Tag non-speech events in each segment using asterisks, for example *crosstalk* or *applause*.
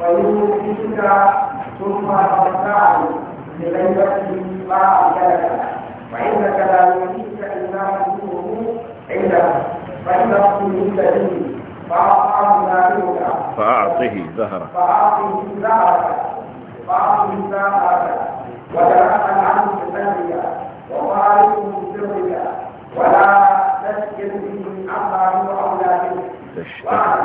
ويوفيك ثم ترتاع لغيبته ما أمكنك وإنك لا يوفيك إلا حدوده عنده فإن ربه كريم فأعطه زهرك فأعطه زهرك فأعطه زهرك وتنحل عنه بسرك وخالفه بسرك ولا تشكر به عما هو أولى منه تشتغل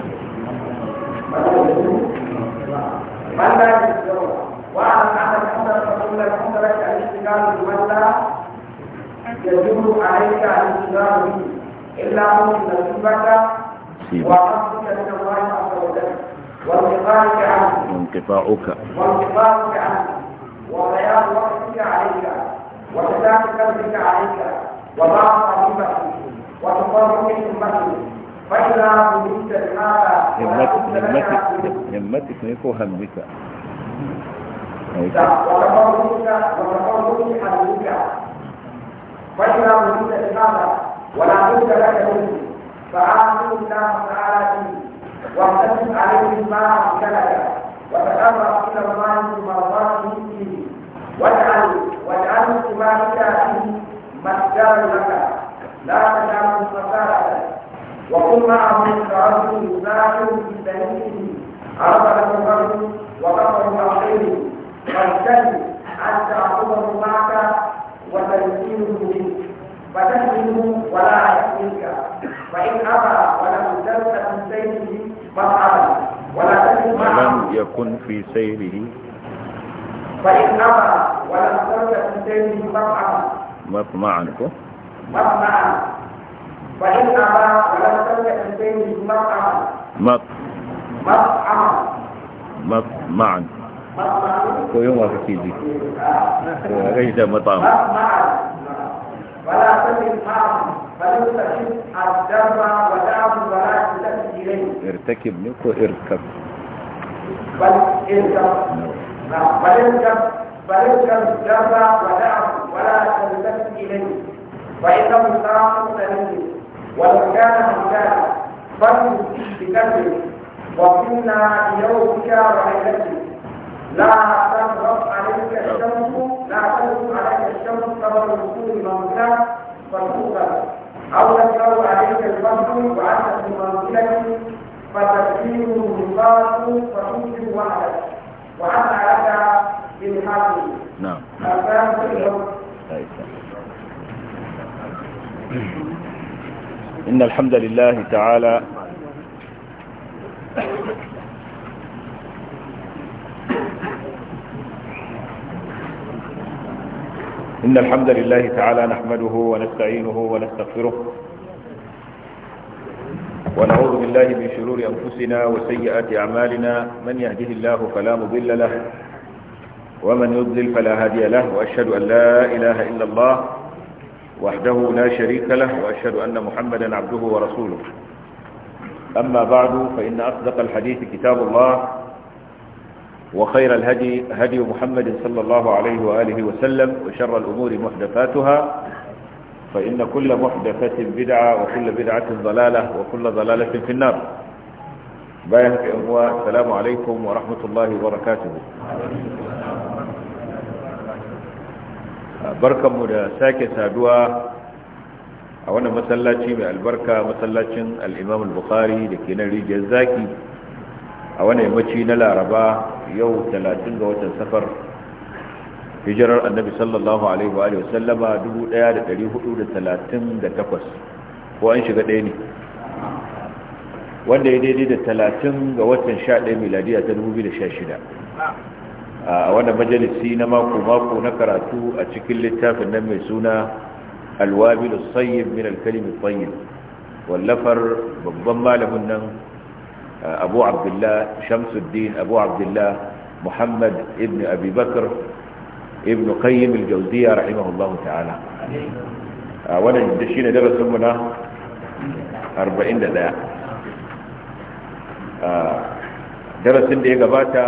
من لا يستوى وعن أحد حمد فقل لك حمد لك الاشتغال بمن لا يجب عليك الاشتغال به إلا من نصيبك وقصدك من الله عز وجل وانقطاعك عنه وانقطاعك وانقطاعك عنه وضياع وقتك عليك وكتاب قلبك عليك وضعف قلبك وتفرق أمتك همتك همتك ما يكون همك نعم، أيوة. فإذا أريد لهذا ولا بد لك منه فعامل الله تعالى فيه عليه ما أمكنك وتقرب إلى الله بمرضاته فيه واجعل واجعل اتباعك فيه مصدر لك لا تجعله مسارة وكن معهم مثل رجل يساعد في سبيله عرف له الرجل وكفر بعقله فاجتهد حتى عقبه معك وتمكينه منك فتهمه ولا يحملك فان ابى ولم تلك في سيره مفعلا ولا تجد معه يكن في سيره فإن أبى ولم تلك في سيره مطعما مطمعا مطمعا وإن أبى ولم تملك البين مطعما مطعما مطعما ko yunwa kake ji ko rai da matsam ولا تجد حرم ولا تلم إليه ارتكب منك اركب بل اركب بل اركب بل اركب الدم ودعم ولا تلتفت إليه وإنه صراط سليم ولو كان مكانا فرد بكسر وقلنا ليومك وليلتك لا تغرب عليك الشمس لا تغرب عليك الشمس قبل وصول منزلك فتوقف أو تكره عليك البحر وأنت في منزلك فتكفيه النقاط فتوجب وحدك وأنت لك بالحق إن الحمد لله تعالى إن الحمد لله تعالى نحمده ونستعينه ونستغفره ونعوذ بالله من شرور أنفسنا وسيئات أعمالنا من يهده الله فلا مضل له ومن يضلل فلا هادي له وأشهد أن لا إله إلا الله وحده لا شريك له وأشهد أن محمدا عبده ورسوله أما بعد فإن أصدق الحديث كتاب الله وخير الهدي هدي محمد صلى الله عليه وآله وسلم وشر الأمور محدثاتها فإن كل محدثة بدعة وكل بدعة ضلالة وكل ضلالة في النار بايك السلام عليكم ورحمة الله وبركاته barkanmu da sake saduwa a wannan masallaci mai albarka masallacin al'imam al-bukhari da ke nan rijiyar zaki a wani yammaci na laraba yau 30 ga watan safar hijirar annabi sallallahu alaihi wa sallama 1438 ko an shiga ɗaya ne wanda ya daidai da 30 ga watan 11 miladiya ta 2016 a wani majalisi na mako-mako na karatu a cikin littafin nan mai suna alwabil sayyid min alkalimi sayyid wallafar babban malamin nan abu abdullah shamsuddin abu abdullah muhammad ibn abubakar ibn qayyim aljawziya rahimahullahu ta'ala a wannan da shine darasin mu na 41 darasin da ya gabata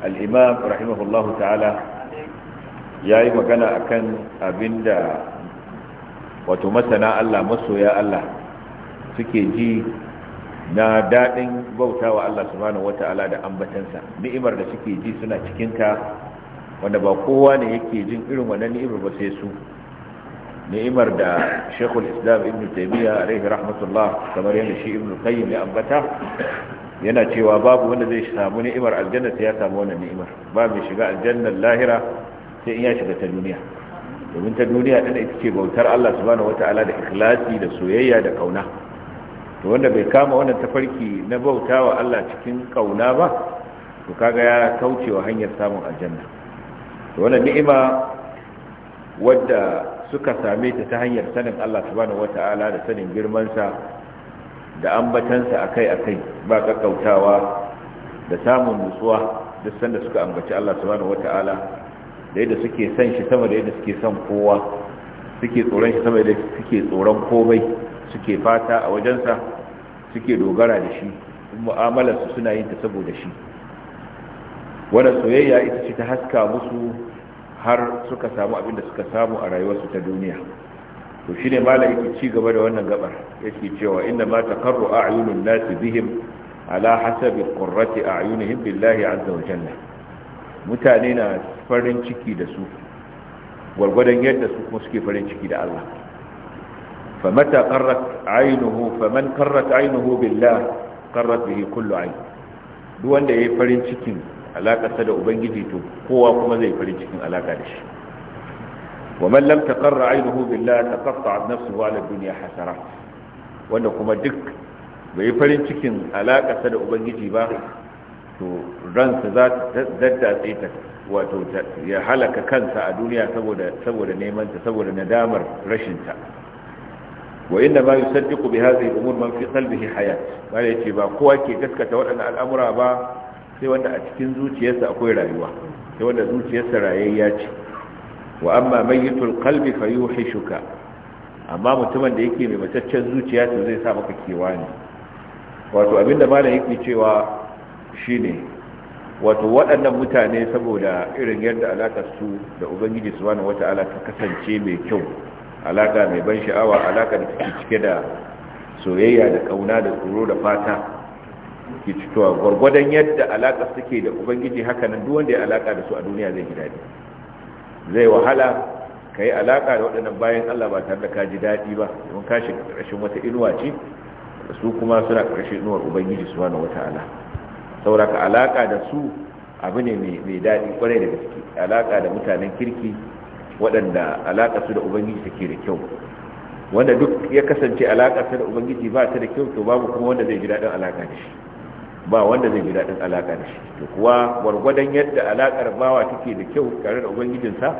al'imam rahimahullah ta'ala ya yi magana a kan abin da wato masana Allah masoya Allah suke ji na daɗin bauta wa Allah subhanahu wa ta'ala da ambatansa ni'imar da suke ji suna cikinta wanda ba kowa ne yake jin irin wannan ni'imar ba sai su ni'imar da shekul islam ibn taimiyya alaihi rahmatullah kamar yadda shi ibn qayyim ya ambata yana cewa babu wanda zai samu ni'imar aljanna sai ya samu wannan ni'imar ba mai shiga aljannar lahira sai in ya shiga ta duniya domin ta duniya din ita ce bautar Allah subhanahu wataala da ikhlasi da soyayya da kauna to wanda bai kama wannan tafarki na bautawa Allah cikin kauna ba to kaga ya kaucewa hanyar samun aljanna to wannan ni'ima wadda suka same ta ta hanyar sanin Allah subhanahu wataala da sanin girman sa da ambatansa akai-akai ba kakkautawa da samun nutsuwa duk sanda suka ambaci Allah subhanahu wata'ala da yadda suke son shi sama da yadda suke son kowa suke tsoron shi sama da suke tsoron komai suke fata a wajensa suke dogara da shi mu'amalarsu suna yin ta saboda shi wadda soyayya ita ce ta haska musu har suka samu abin da suka samu a rayuwarsu ta duniya to shine malai yake ci gaba da wannan gabar yake cewa inna ma taqarru a'yunun nas bihim ala hasabi qurrati a'yunihim billahi azza wa jalla mutane na farin ciki da su gwargwadon yadda su kuma suke farin ciki da Allah famata qarrat aynuhu faman qarrat aynuhu billah qarrat bihi kullu ayn duk wanda yayi farin cikin alaka sa da ubangiji to kowa kuma zai farin cikin alaka da shi ومن لم تقر عينه ta تقطع نفسه على الدنيا حسرة wanda kuma duk bai farin cikin alaƙarsa da ubangiji ba to ransa za ta daddatse ta wato ya halaka kansa a duniya saboda saboda neman ta saboda nadamar rashin ta wa inda ma yusaddiqu bi hadhihi al-umur man fi qalbihi hayat bale yace ba kowa ke gaskata waɗannan al'amura ba sai wanda a cikin zuciyarsa akwai rayuwa sai wanda zuciyarsa rayayya ce wa amma mayyitul qalbi fayuhishuka amma mutumin da yake mai mataccen zuciya to zai sa maka kewa ne wato abinda malam yake cewa shine wato waɗannan mutane saboda irin yadda alaka su da ubangiji subhanahu wata'ala ta kasance mai kyau alaka mai ban sha'awa alaka da take cike da soyayya da kauna da tsoro da fata ki citowa gwargwadon yadda alaka suke da ubangiji haka nan duk wanda ya alaka da su a duniya zai ji zai wahala ka yi alaƙa da waɗannan bayan Allah ba tare da ka ji daɗi ba domin ka shiga ƙarshen wata inuwa ce su kuma suna ƙarshen inuwar ubangiji su wani wata'ala sauraka alaƙa da su abu ne mai daɗi kwarai da gaske alaƙa da mutanen kirki waɗanda alaƙa su da ubangiji take da kyau wanda duk ya kasance alaƙa su da ubangiji ba ta da kyau to babu kuma wanda zai ji daɗin alaƙa da shi ba wanda zai ji daɗin alaƙa da shi to kuwa gwargwadon yadda alaƙar bawa take da kyau tare da ubangijinsa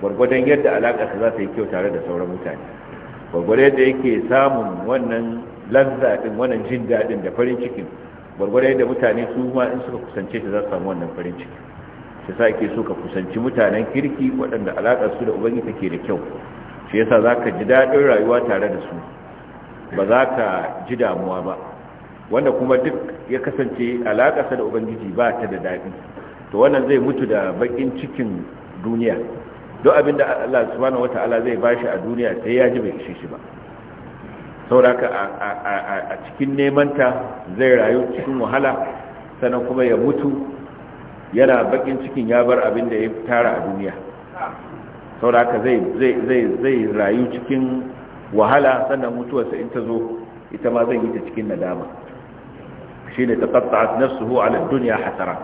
gwargwadon yadda alaƙarsa za ta yi kyau tare da sauran mutane gwargwadon yadda yake samun wannan lanza ɗin wannan jin daɗin da farin cikin gwargwadon yadda mutane su ma in suka kusance ta za su samu wannan farin ciki shi sa ke so ka kusanci mutanen kirki waɗanda alaƙar su da ubangiji take da kyau shi yasa za ka ji daɗin rayuwa tare da su ba za ka ji damuwa ba wanda kuma duk ya kasance alakasa da ubangiji ba ta da daɗi to wannan zai mutu da baƙin cikin duniya don abin da Allah subhanahu ala zai ba shi a duniya sai ya ji bai ishe shi ba sauraka a cikin nemanta zai rayu cikin wahala sannan kuma ya mutu yana bakin cikin ya bar abin da ya tara a duniya sauraka zai rayu cikin wahala sannan mutuwarsa in ta zo ita ma zai yi ta cikin nadama shine taqatta'at nafsuhu 'ala ad-dunya hasarat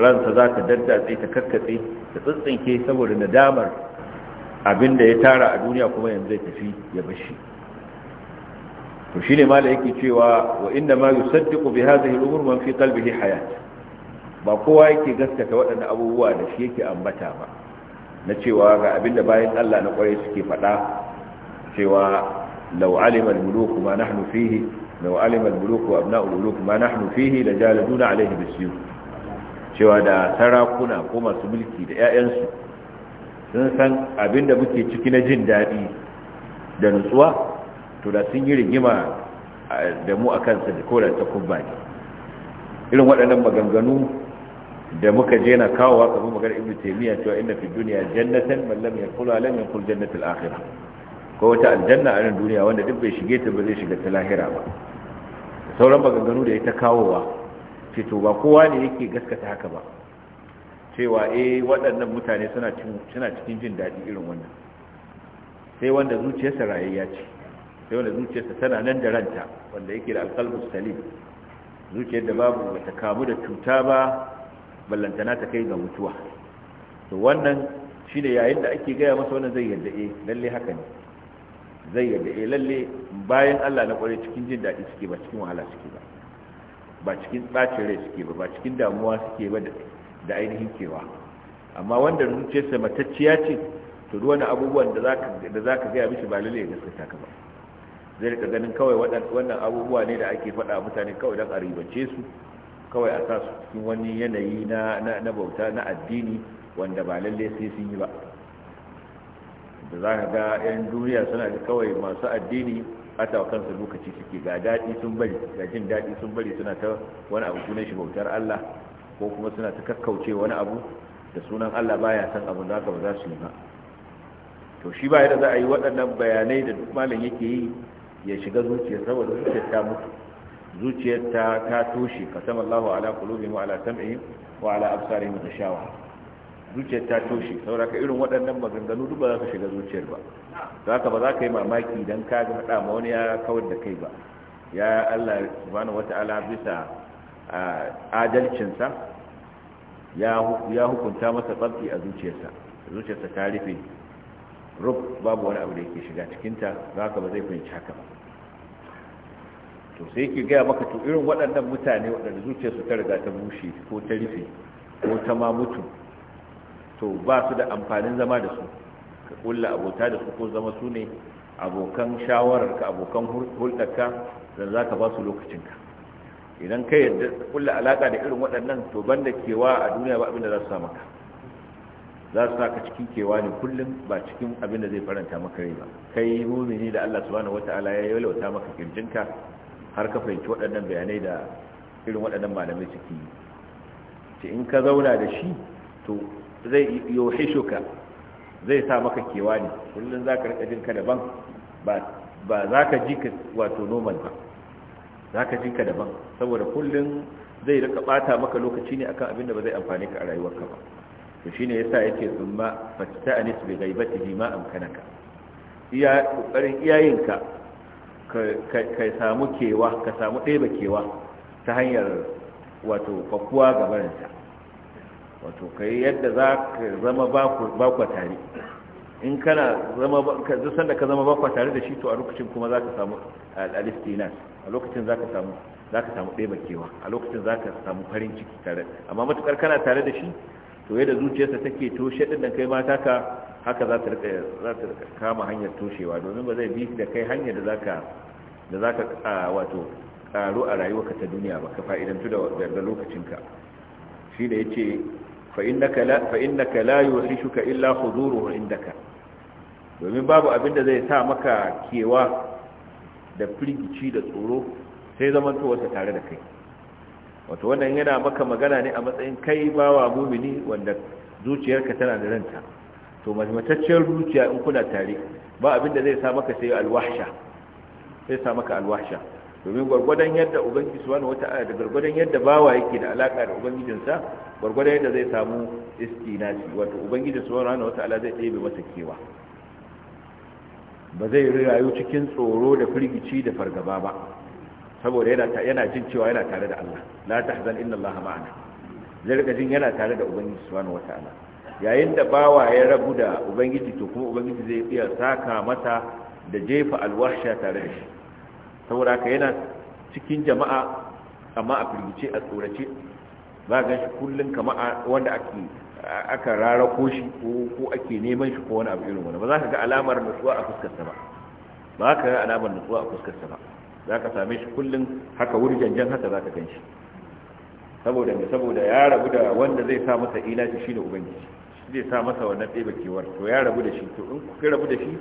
ransa za ta daddatse ta kakkatse ta tsintsinke saboda nadamar abinda ya tara a duniya kuma yanzu zai tafi ya bashi to ne mala yake cewa wa inna ma yusaddiqu bi hadhihi al-umur man fi qalbihi hayat ba kowa yake gaskata waɗannan abubuwa da shi yake ambata ba na cewa ga abinda bayan Allah na kwarai suke faɗa cewa law alima al-muluk ma nahnu fihi لو علم الملوك وأبناء الملوك ما نحن فيه لجالدون عليه بالسيوف cewa da sarakuna ko masu mulki da 'ya'yansu sun san abin da muke ciki na jin daɗi da nutsuwa to da sun yi rigima da mu a kansa da kolar ta irin waɗannan maganganu da muka je na kawowa kamar maganar ibn taymiya cewa inna fi dunya jannatan man lam yadkhulha lam yadkhul jannatal akhirah ko wata aljanna a nan duniya wanda duk bai shige ta ba zai shiga ta lahira ba sauran maganganu da ya ta kawowa cito ba kowa ne yake gaskata haka ba cewa eh waɗannan mutane suna cikin jin daɗi irin wannan sai wanda zuciyarsa rayayya ce sai wanda zuciyarsa tana nan da ranta wanda yake da alƙalbus salim zuciyar da babu bata kamu da cuta ba ballantana ta kai ga mutuwa to wannan shine yayin da ake gaya masa wannan zai yadda eh lallai haka ne zai yarda eh lalle bayan Allah na kware cikin jin daɗi suke ba cikin wahala suke ba ba cikin ɓacin rai suke ba ba cikin damuwa suke ba da ainihin kewa amma wanda zuciyarsa matacciya ce to duk wani abubuwan da zaka da zaka ga mishi ba lalle ya gaskata ka ba zai rika ganin kawai wannan abubuwa ne da ake faɗa mutane kawai don a ribance su kawai a sa su cikin wani yanayi na bauta na addini wanda ba lalle sai sun yi ba da za ka ga 'yan duniya suna da kawai masu addini a wa kansu lokaci suke ga daɗi sun bari ga jin daɗi sun bari suna ta wani abu sunan shi bautar Allah ko kuma suna ta kakkauce wani abu da sunan Allah baya san abu da ba za su yi ba to shi ba yadda za a yi waɗannan bayanai da duk malam yake yi ya shiga zuciya saboda zuciyar ta mutu zuciyar ta ta toshe kasam Allahu ala qulubihim wa ala sam'ihim wa ala absarihim gishawa zuciyar ta toshe saboda ka irin waɗannan maganganu duk ba za ka shiga zuciyar ba za ka ba za ka yi mamaki idan ka ga faɗa ma wani ya kawar da kai ba ya Allah subhanahu wata'ala bisa adalcinsa ya hukunta masa tsabti a zuciyarsa zuciyarsa ta rufe rub babu wani abu da yake shiga cikinta za ka ba zai fahimci haka ba to sai ke gaya maka to irin waɗannan mutane waɗanda zuciyarsu ta riga ta bushe ko ta rufe ko ta ma mutu to ba su da amfanin zama da su ka kulla abota da su ko zama su ne abokan shawarar ka abokan hulɗarka da za ka ba su lokacinka idan ka yadda kulla alaƙa da irin waɗannan to ban da kewa a duniya ba abin za su maka za su saka cikin kewa ne kullum ba cikin abin da zai faranta maka rai ba kai mumini da Allah subhanahu wataala ya wata maka kirjinka har ka fahimci waɗannan bayanai da irin waɗannan malamai suke yi ce in ka zauna da shi to zai shuka zai sa maka kewa ne kullum za ka rikajin jinka daban ba za ka ji ka wato normal ba za ka ji ka daban saboda kullum zai rika bata maka lokaci ne akan abin da ba zai amfani ka a rayuwarka ba to shine yasa yake thumma fasta'anis bi ghaibatihi ma amkanaka iya kokarin iyayenka ka samu kewa ka samu ba kewa ta hanyar wato fakuwa gabaninsa wato ka yi yadda za ka zama bakwa tare in kana zama ka zusan sanda ka zama bakwa tare da shi to a lokacin kuma za ka samu alistina a lokacin za ka samu za ka samu ɗaya bakewa a lokacin za ka samu farin ciki tare amma matukar kana tare da shi to yadda zuciyarsa take toshe ɗin da kai mata ka haka za ta rika kama hanyar toshewa domin ba zai bi da kai hanyar da za ka da za ka wato ƙaru a rayuwarka ta duniya ba ka fa'idantu da lokacinka shi da ya ce fa'innaka la fa'innaka la yuhishuka illa huzuruhu indaka domin babu abin da zai sa maka kewa da firgici da tsoro sai zamantowarsa tare da kai wato wannan yana maka magana ne a matsayin kai bawa mumini wanda zuciyarka tana da ranta to matatacciyar zuciya in kuna tare ba abin da zai sa maka sai alwahsha sai sa maka alwahsha domin gwargwadon yadda ubangiji wata ala, da gwargwadon yadda bawa yake da alaka da ubangijinsa gwargwadon yadda zai samu iski na shi wato ubangiji wata ala zai ɗebe masa kewa ba zai rayu cikin tsoro da firgici da fargaba ba saboda yana jin cewa yana tare da Allah la hazan inna Allah ma'ana zai rika jin yana tare da ubangiji subhanahu wata'ala yayin da bawa ya rabu da ubangiji to kuma ubangiji zai iya saka mata da jefa alwahsha tare da shi saboda ka yana cikin jama'a amma a firgice a tsorace ba gan shi kullum kama wanda ake aka rara ko shi ko ake neman shi ko wani abu irin wani ba za ka ga alamar nutsuwa a fuskarsa ba ba ka ga alamar nutsuwa a fuskarsa ba za ka same shi kullum haka wuri janjan haka za ka gan shi saboda mai saboda ya rabu da wanda zai sa masa ilaci shi ne ubangiji shi zai sa masa wannan kewar to ya rabu da shi to in ku rabu da shi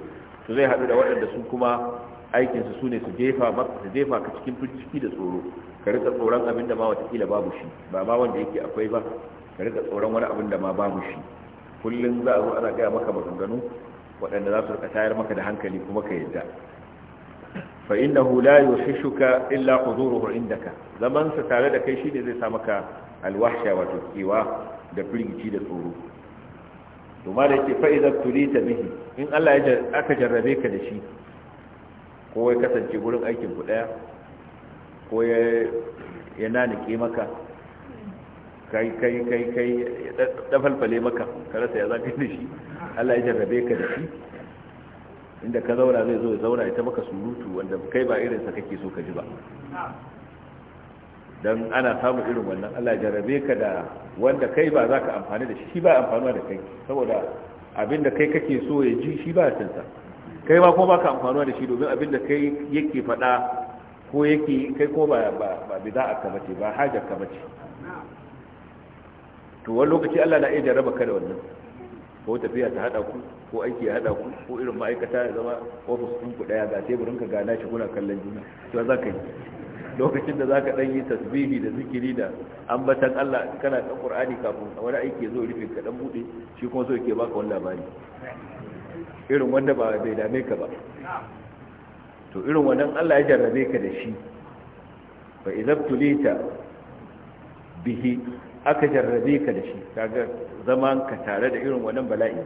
to zai haɗu da waɗanda su kuma aikin su sune su jefa ba su jefa ka cikin binciki da tsoro ka rika tsoron abin da ma watakila babu shi ba ma wanda yake akwai ba ka rika tsoron wani abin da ma babu shi kullum za a zo ana gaya maka maganganu waɗanda za su rika tayar maka da hankali kuma ka yadda fa innahu la yuhishuka illa huzuruhu indaka zaman sa tare da kai shine zai sa maka alwahsha wato kewa da firgici da tsoro to ma da yake fa idza turita bihi in Allah ya aka jarrabe ka da shi ko ya kasance gurin aikin ku daya ko ya nanike maka kai kai kai kai falfale maka karasa ya zaka da shi Allah ya jarrabe ka da shi inda ka zauna zai zo ya zauna ita maka surutu wanda kai ba irinsa kake so ka ji ba don ana samun irin wannan Allah ya jarrabe ka da wanda kai ba za ka amfani da shi shi ba amfanuwa da kai saboda abinda kai kake so ya ji shi ba cinsa kai ma ko baka amfanuwa da shi domin abin da kai yake faɗa ko yake kai ko ba ba za'a ka bace ba hajar ka bace to wani lokaci Allah na iya jaraba ka da wannan ko tafiya ta hada ku ko aiki ya hada ku ko irin ma'aikata ya zama ofis ɗin ku daya ga teburin ka gana shi kuna kallon juna to za ka yi lokacin da zaka dan ɗan yi tasbihi da zikiri da ambatan Allah kana ɗan ƙur'ani kafin wani aiki zo rufe ka dan buɗe shi kuma so yake baka wani labari irin wanda ba bai dame ka ba to irin wannan Allah ya jarrabe ka da shi fa idan tulita bihi aka jarrabe ka da shi kaga zaman ka tare da irin wannan bala'i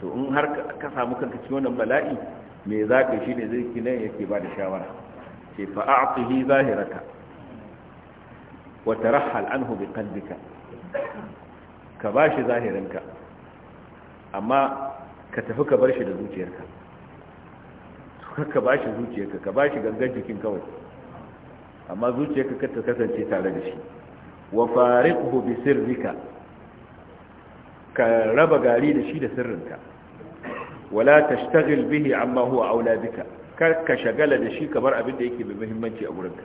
to in har ka samu kanka cikin wannan bala'i me za ka shi ne zai kinan yake ba da shawara ce fa a'tihi zahiraka wa tarahhal anhu bi qalbika ka bashi zahirinka amma ka tafi ka bar shi da zuciyarka ka ba shi zuciyarka ka ba shi gangan jikin kawai amma zuciyarka ka ta kasance tare da shi wa fariqhu bi sirrika ka raba gari da shi da sirrinka wala tashtagil bihi amma huwa aula bika kar ka shagala da shi kamar abin da yake mai muhimmanci a gurinka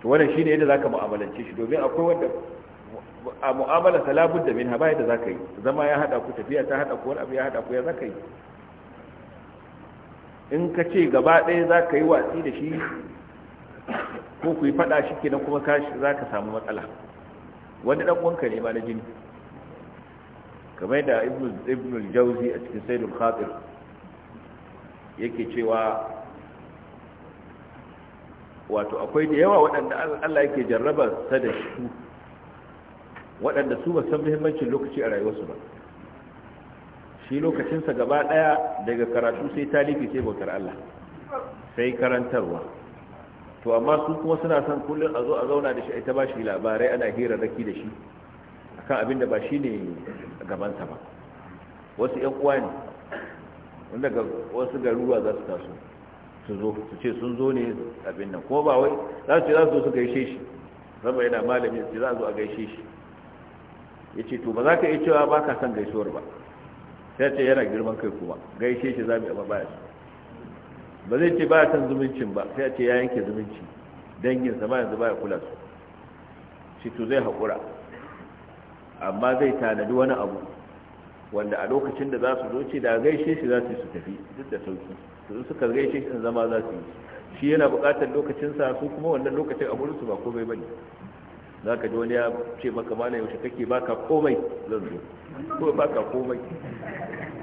to wannan shine yadda zaka mu'amalance shi domin akwai wanda a mu'amala salabun da minha bai da zaka yi zama ya hada ku tafiya ta hada ku wani abu ya hada ku ya zaka yi in ka ce gaba ɗaya za ka yi watsi da shi ko ku yi faɗa shi kenan kuma za ka samu matsala wani ɗan wanka ne ma na jini kamar da ibn jauzi a cikin saidul khatir yake cewa wato akwai da yawa waɗanda allah yake jarraba ta da shi. waɗanda su ba san muhimmancin lokaci a rayuwarsu ba shi lokacinsa gaba ɗaya daga karatu sai talifi sai bautar Allah sai karantarwa to amma su kuma suna son kullum a zo a zauna da shi a ta ba shi labarai ana hira raki da shi akan abin da ba shi ne gabansa ba wasu ‘yan uwa ne wanda wasu garuruwa za su taso su zo su ce sun zo ne abin nan ko ba wai za su ce za su zo su gaishe shi zama yana malamin su za a zo a gaishe shi ya ce to ba za ka iya cewa ba ka son gaisuwar ba sai ce yana girman kai kuma gaishe shi zami mu yi su ba zai ce baya son zumuncin ba sai ce ya yanke zumunci dangin sama yanzu ba ya kula su shi to zai haƙura amma zai tanadi wani abu wanda a lokacin da za su zo ce da gaishe shi za su yi su tafi duk da sauki to suka gaishe shi zama za su yi shi yana buƙatar lokacinsa su kuma wannan lokacin a su ba komai bane za ka ji wani ya ce maka mana yaushe kake baka komai zan zo ko baka komai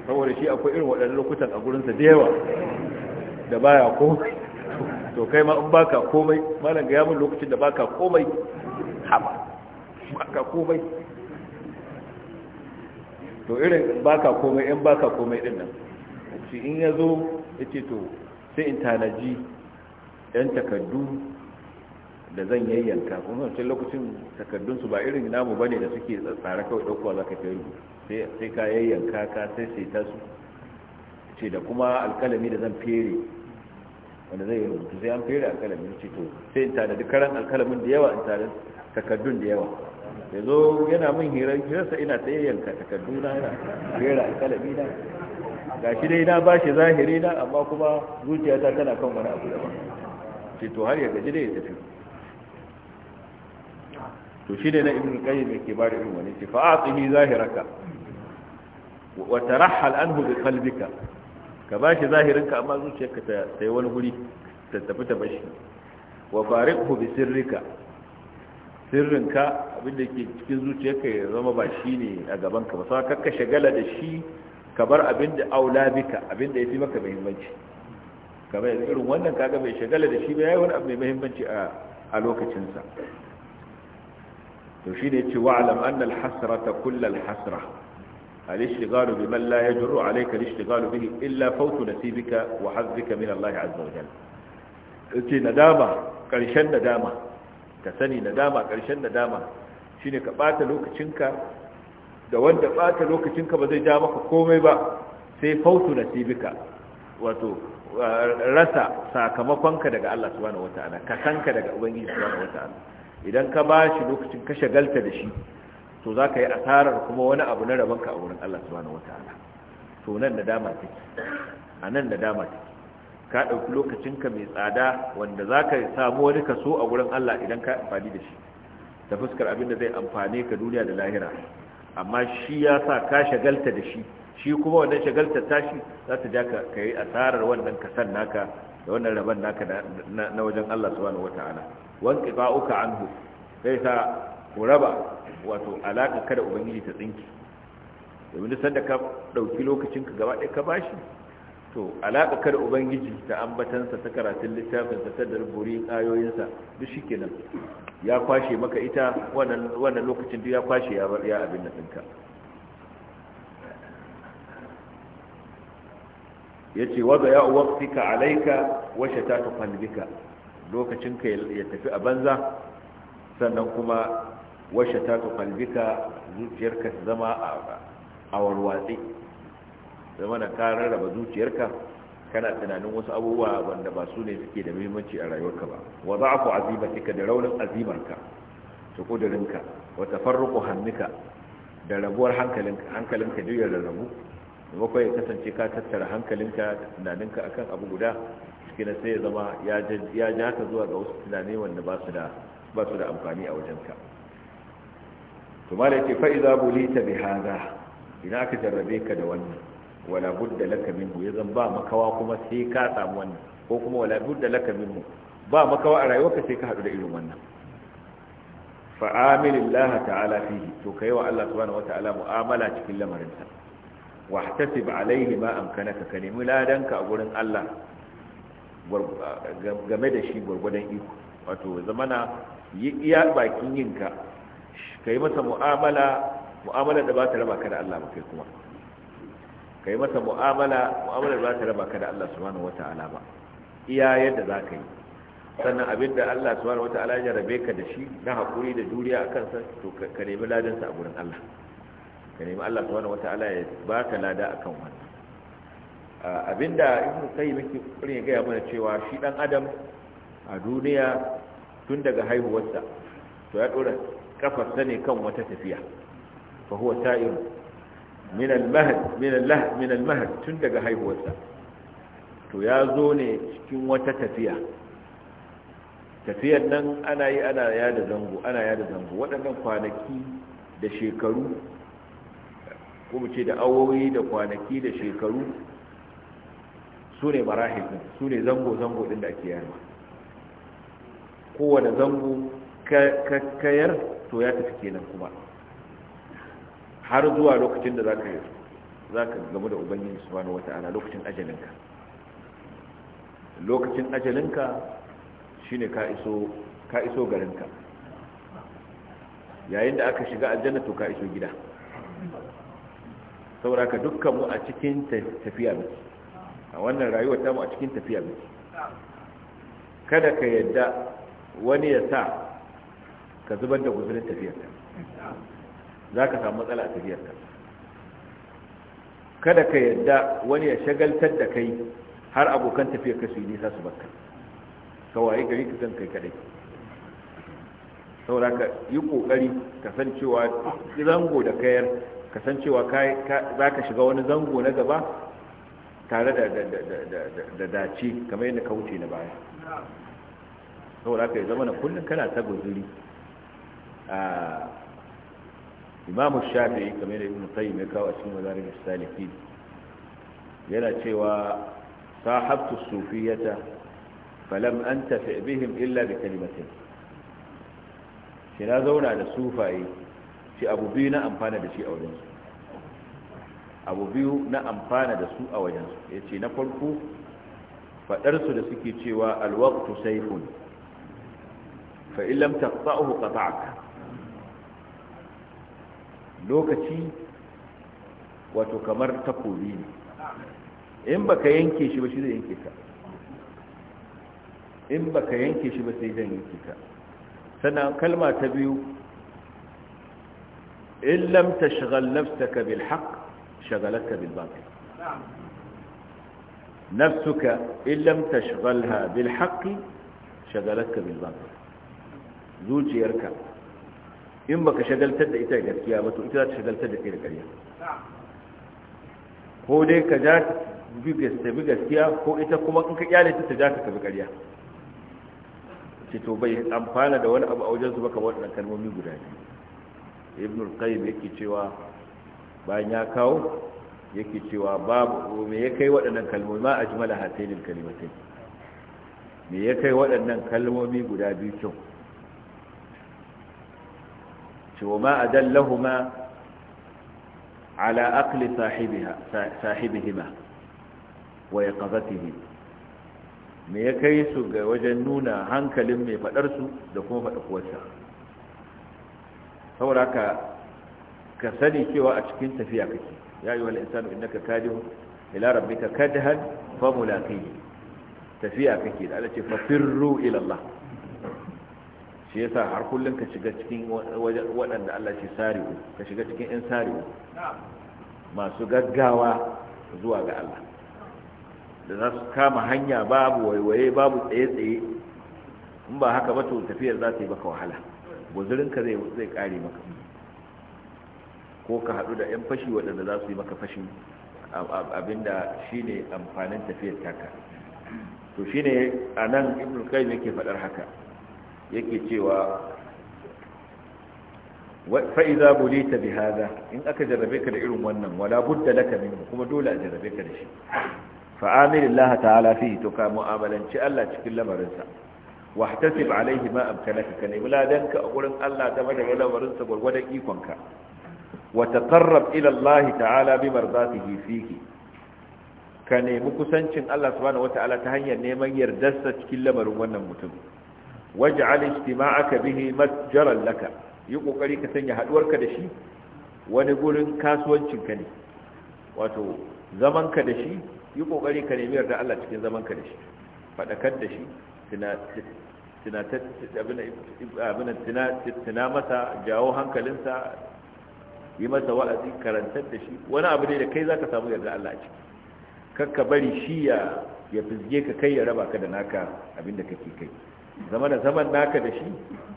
saboda shi akwai irin waɗannan lokutan a gurinsa da yawa da baya komai to kai ma in baka komai malam ga yamin lokacin da baka komai haba baka komai to irin baka komai in baka komai din nan shi in ya zo ya ce to sai in tanaji 'yan takardu da zan yayyanka kuma wancan lokacin takardunsu ba irin namu bane da suke tsare kawai ɗaukowa za ka kai sai ka yayyanka ka sai sai ta su ce da kuma alkalami da zan fere wanda zai rubutu sai an fere alkalami ce to sai in tada karan alkalamin da yawa in tare takardun da yawa ya zo yana min hirar hirarsa ina ta yayyanka takarduna yana fere alkalami na ga shi dai na ba shi zahiri na amma kuma zuciyata tana kan wani abu daban ce to har ya gaji dai ya tafi to shi ne na ibn qayyim yake bada irin wani ce fa atihi zahiraka wa tarahhal anhu bi qalbika ka bashi zahirinka amma zuciyarka ta tai wani guri ta tafi ta bashi wa fariqhu bi sirrika sirrinka abin da ke cikin zuciyarka ya zama ba shi ne a gabanka ba sai kakka shagala da shi ka bar abin da aula bika da yafi maka muhimmanci kamar irin wannan kaga bai shagala da shi ba yayi wani abu mai muhimmanci a a lokacinsa to shi ne ce wa'alam an alhasrata kullal hasra al-ishtighalu biman la yajru alayka al-ishtighalu bihi illa fawtu nasibika wa hazzika min Allah azza wa jalla ce nadama karshen nadama ka sani nadama karshen nadama shine ka bata lokacinka da wanda bata lokacinka ba zai ja maka komai ba sai fautu nasibika wato rasa sakamakonka daga Allah subhanahu wataala ka sanka daga ubangiji subhanahu wataala idan ka ba shi lokacin ka shagalta da shi to za ka yi asarar kuma wani abu na rabanka a wurin Allah subhanahu to nan dama take a nan dama take ka ɗauki lokacinka mai tsada wanda za ka samu wani kaso a wurin Allah idan ka amfani da shi ta fuskar abin da zai amfani ka duniya da lahira amma shi ya sa ka shagalta da shi shi kuma wannan shagaltar tashi za ta ja ka yi asarar wannan kasan naka da wannan rabon naka na wajen Allah subhanahu wanki ba'uka anhu sai sa ku raba wato alaƙa kada ubangiji ta tsinki domin duk sanda ka ɗauki lokacinka gaba ɗaya ka bashi to alaƙa kada ubangiji ta ambatansa ta karatun littafin ta sadar buri ayoyinsa duk shi kenan ya kwashe maka ita wannan lokacin duk ya kwashe ya bar ya abin da tsinka ya ce wadda ya ka alaika washe ta ta lokacin ka ya tafi a banza sannan kuma washe ta ka zuciyarka su zama a warwatsi zama da ka rarraba zuciyarka kana tunanin wasu abubuwa wanda ba su ne suke da muhimmanci a rayuwarka ba wa za ku ka da raunin azimarka su kudurinka wata farruku hannuka da rabuwar hankalinka hankalinka duk ya rarrabu da bakwai kasance ka tattara hankalinka da tunaninka akan abu guda kina sai ya zama ya ja ka zuwa ga wasu tunani wanda ba su da amfani a wajenka to malai ce fa'iza bulita bi haza. ina aka jarrabe ka da wannan wala budda laka minhu ya zan ba makawa kuma sai ka samu wannan ko kuma wala budda laka minhu ba makawa a ka sai ka hadu da irin wannan laha ta'ala fihi to ka yi wa Allah subhanahu ta'ala mu'amala cikin lamarinsa wahtasib alaihi ma ta, ka nemi ladanka a gurin Allah game da shi gwargwadon iko wato zamana yi iya bakin yinka ka yi masa mu'amala mu'amala da ba ta raba ka da Allah ba kai kuma ka yi masa mu'amala mu'amala da ba ta raba ka da Allah subhanahu wata'ala ba iya yadda za ka yi sannan abin da Allah subhanahu wata'ala ya rabe ka da shi na haƙuri da juriya a kansa to ka nemi ladansa a gurin Allah ka nemi Allah subhanahu wata'ala ya baka lada akan wannan abinda ibn qayyim yake kokarin ya gaya mana cewa shi dan adam a duniya tun daga haihuwarsa to ya dora kafarsa ne kan wata tafiya fa huwa ta'ir min al-mahd min al-lahd min al-mahd tun daga haihuwarsa to ya zo ne cikin wata tafiya tafiyar nan ana yi ana yada zango ana yada zango waɗannan kwanaki da shekaru kuma ce da awowi da kwanaki da shekaru su ne marahil su ne zango-zango din da ake yarwa kowane zango kakkayar to ya tafi kenan kuma har zuwa lokacin da za ka yi za ka gamu da ubangiji subhanahu wata'ala lokacin ajalinka lokacin ajalinka shine ka iso ka iso garinka yayin da aka shiga aljanna to ka iso gida saboda ka dukkan mu a cikin tafiya muke a wannan rayuwar tamu a cikin tafiya ne. kada ka yadda wani ya sa ka zubar da guzurin tafiyarka za ka samu matsala a tafiyarka kada ka yadda wani ya shagaltar da kai har abokan tafiyarka su yi nisa su bakka kawai gari ka zan kai kadai sauraka yi kokari kasancewa zango da kayar kasancewa za ka shiga wani zango na gaba tare da dace kamar yadda ka wuce na baya saboda haka ya zama na kullum kana ta guzuri a imamu shafi kamar yadda ibn ya kawo a cikin mazarin saliki yana cewa sahabtu sufiyata falam antafi bihim illa da kalimatin shi na zauna da sufaye shi abu biyu na amfana da shi a wurinsu abu biyu na amfana da su a wajensu ya ce na farko faɗarsu da suke cewa alwaktu saifun fa'ilam ta tsa'uhu ƙata'aka lokaci wato kamar takobi ne in ba ka yanke shi ba shi zai yanke ka in ba ka yanke shi ba sai zan yanke ka sannan kalma ta biyu in lam tashghal ka bil haqq shagalatka bil batil nafsuka in lam tashghalha bil haqqi zuciyarka in baka shagaltar da ita gaskiya ba to ita za ta shagaltar da kai da ƙarya ko dai ka ja ta bi gaskiya ko ita kuma in ka ta bai amfana da wani abu a wajen ba kamar waɗannan kalmomi guda biyu ibn al-qayyim yake cewa bayan ya kawo yake cewa babu me ya kai waɗannan kalmomi ma ajmala hatainil kalimatain me ya kai waɗannan kalmomi guda biyu kyau cewa ma a ma ala aqli sahibiha sahibihima wa yaqazatihi me ya kai su ga wajen nuna hankalin mai faɗarsu da kuma faɗa kuwarsa saboda haka ka sani cewa a cikin tafiya kake ya yi wani insanu innaka kadihun ila rabbika kadhan fa mulaqihi tafiya kake da ala ce fa firru ila shi yasa har kullun ka shiga cikin waɗanda Allah ce sari'u ka shiga cikin yan sari'u masu gaggawa zuwa ga Allah da za su kama hanya babu waiwaye babu tsaye-tsaye in ba haka ba to tafiyar za ta yi maka wahala guzurinka zai kare maka ko ka haɗu da 'yan fashi waɗanda za su yi maka fashin abinda shi ne amfanin tafiyar taka to shi ne a nan ibn qayyim yake faɗar haka yake cewa fa'iza bulita bi haza, in aka jarrabe ka da irin wannan wala budda laka minhu kuma dole a jarrabe ka da shi fa'amilillahi ta'ala fihi to ka mu'amalanci Allah cikin lamarinsa wahtasib alaihi ma amkanaka ka nemi ladanka a wurin Allah game da lamarinsa gurgurdan ikonka wa taqarrab ila Allah ta'ala bi mardatihi ka nemi kusancin Allah subhanahu wata'ala ta hanyar neman yardarsa cikin lamarin wannan mutum waj'al istima'aka bihi matjaran laka yi kokari ka sanya haduwarka da shi wani gurin kasuwancin ka ne wato zaman ka da shi yi kokari ka nemi yarda Allah cikin zaman ka da shi fadakar da shi tuna masa jawo hankalinsa yi masa wa'azi karantar da shi wani abu ne da kai zaka samu yarda Allah a ciki kakka bari shi ya ya fizge ka kai ya raba ka da naka abinda kake kai zama da zaman naka da shi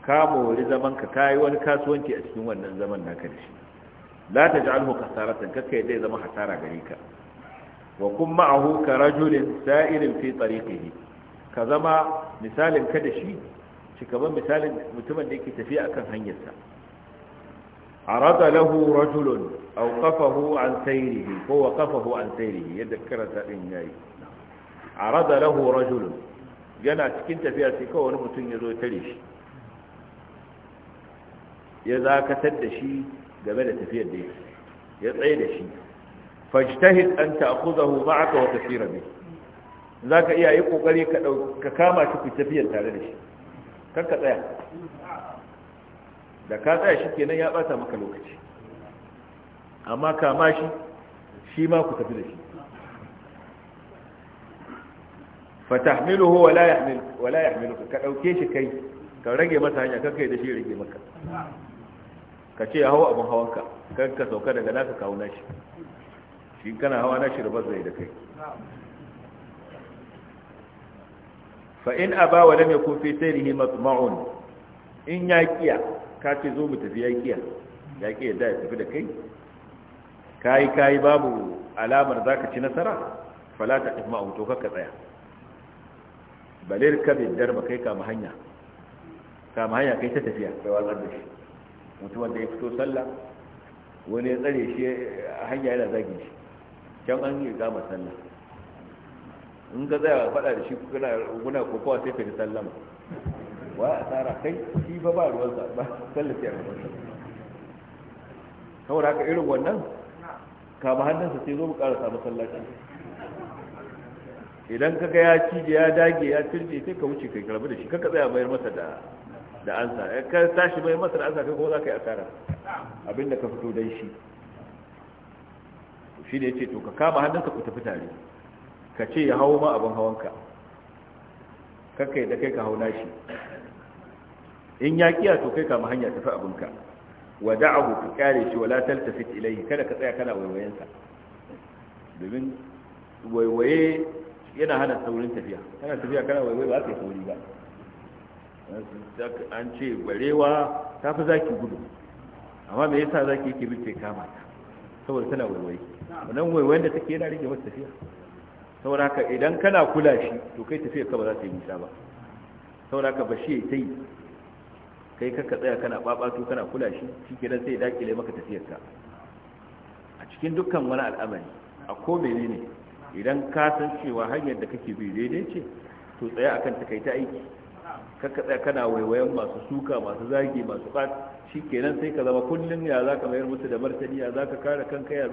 ka mori zaman ka kai wani kasuwanci a cikin wannan zaman naka da shi la taj'alhu khasaratan kakka yadda ya zama hasara gare ka wa kun ma'ahu ka rajulin sa'irin fi tariqihi ka zama misalin ka da shi cikaban misalin mutumin da yake tafiya akan hanyarsa عرض له رجل أوقفه عن سيره هو وقفه عن سيره يذكر سألين عرض له رجل جنا كنت فيها سيكا ونمتن يزو تليش يذاك تدشي شي قبل تفيا دي يطعيد شي فاجتهد أن تأخذه معك وتسير به ذاك إيا يقو قليك ككاما شكو تفيا تالي شي كنك تأخذ da ka tsaya shi kenan ya bata maka lokaci amma kama shi shi ma ku tafi da shi fatahmiluhu la yahmil wala yahmiluka ka dauke shi kai ka rage masa hanya kan kai da shi rage maka ka ce hawa abun hawanka kan ka sauka daga naka kawo nashi shi kana hawa nashi da bazai da kai fa in aba wa lam yakun fi sayrihi matma'un in ya kiya ka ce zo mu tafi yaƙiya yaƙi yadda ya tafi da kai kayi kayi babu alamar za ka ci nasara falata ɗin ma'auto ka tsaya balir kabin darba kai kama hanya kama hanya kai ta tafiya kai watsar da shi mutum wanda ya fito sallah wani ya tsare shi hanya yana zagin shi can an yi gama sallah in ka tsaya faɗa da shi kuna kokowa sai ka sallama wa a tsara kai shi ba ba sa, ba tallafi a gabansa saboda haka irin wannan kama hannunsa sai zo mu karasa masallaci idan ka ga ya cije ya dage ya turje sai ka wuce kai karbi da shi kaka tsaya bayar masa da da ansa eh, ka tashi bayar masa da ansa kai kuma za ka yi asara abinda ka fito dan shi shi ne ya ce to ka kama hannunka ku tafi tare ka ce ya hawo ma abin hawanka kakka da kai ka hauna shi in ya kiya to kai kama hanya tafi abinka wa da'ahu ka kare shi wala taltafit ilayhi kada ka tsaya kana waiwayensa domin waiwaye yana hana saurin tafiya kana tafiya kana waiwaye ba ka sauri ba an ce barewa ta fi zaki gudu amma me yasa zaki yake bin kama ta saboda tana waiwaye wannan waiwayen da take yana rage masa tafiya saboda haka idan kana kula shi to kai tafiya ka ba za ta yi nisa ba saboda haka ba shi ta yi kai kaka tsaya kana babato kana kula shi shi ke sai dakile maka tafiyar ka a cikin dukkan wani al'amari a ko ne idan ka san cewa hanyar da kake bi daidai ce to tsaya akan ta kai ta aiki kaka tsaya kana waiwayen masu suka masu zagi masu bat nan sai ka zama kullum ya ka mayar musu da martani ya ka kare kanka ya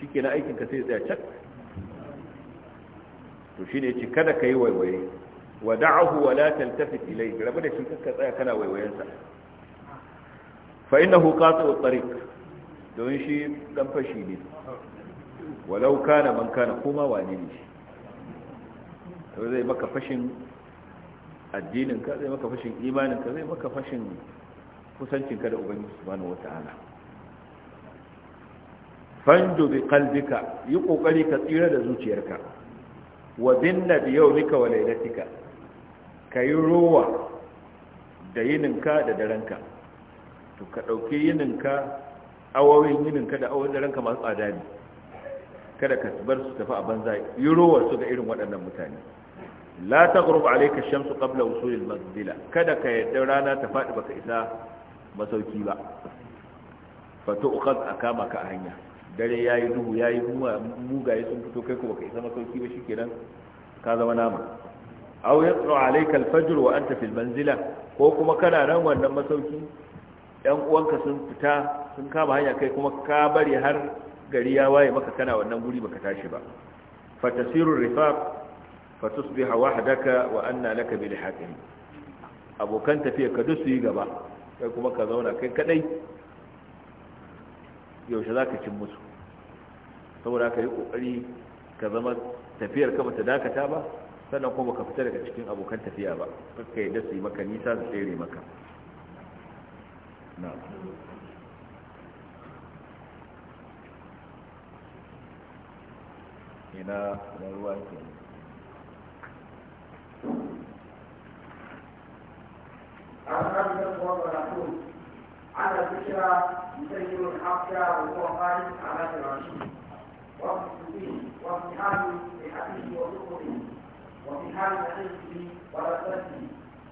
shi ke aikin ka sai tsaya cak to shine yace kada kai waiwaye wada'ahu wa la taltafit ilayhi rabu da shi kanka tsaya kana waiwayen sa fa innahu qati'u at-tariq don shi dan fashi ne walau kana man kana kuma wane ne shi to zai maka fashin addinin ka zai maka fashin imanin ka zai maka fashin kusancin ka da ubangiji subhanahu wata'ala fanjo bi qalbika yi kokari ka tsira da zuciyarka wa binna bi yawmika wa ka yi ruwa da yininka da daranka to ka ɗauki yininka awowin yininka da awowin daranka masu tsada ne kada ka bar su tafi a banza yi ruwa su ga irin waɗannan mutane la taghrub alayka ash-shamsu qabla wusul al-manzila kada ka yadda rana ta fadi baka isa masauki ba fa tu'khadh akama ka a hanya dare ya yi duhu ya yi mugaye sun fito kai kuma ka isa masauki ba shi kenan ka zama nama au ya tsoro wa anta fil manzila ko kuma kana nan wannan masauki yan uwanka sun fita sun kama hanya kai kuma ka bari har gari ya waye maka kana wannan guri baka tashi ba fatasiru rifaq fatusbiha wahdaka wa anna laka bil hakim abokan tafiya ka dusu yi gaba kai kuma ka zauna kai kadai yaushe zaka cin musu saboda ka yi kokari ka zama tafiyar ka bata dakata ba sannan kuma ka fita daga cikin abokan tafiya ba kakka yadda su yi maka nisa su tsere maka na ina na ruwa ke على ذكرى يسير الحق والقرآن على فراشهم وفي حال رحله وركبه وفي حال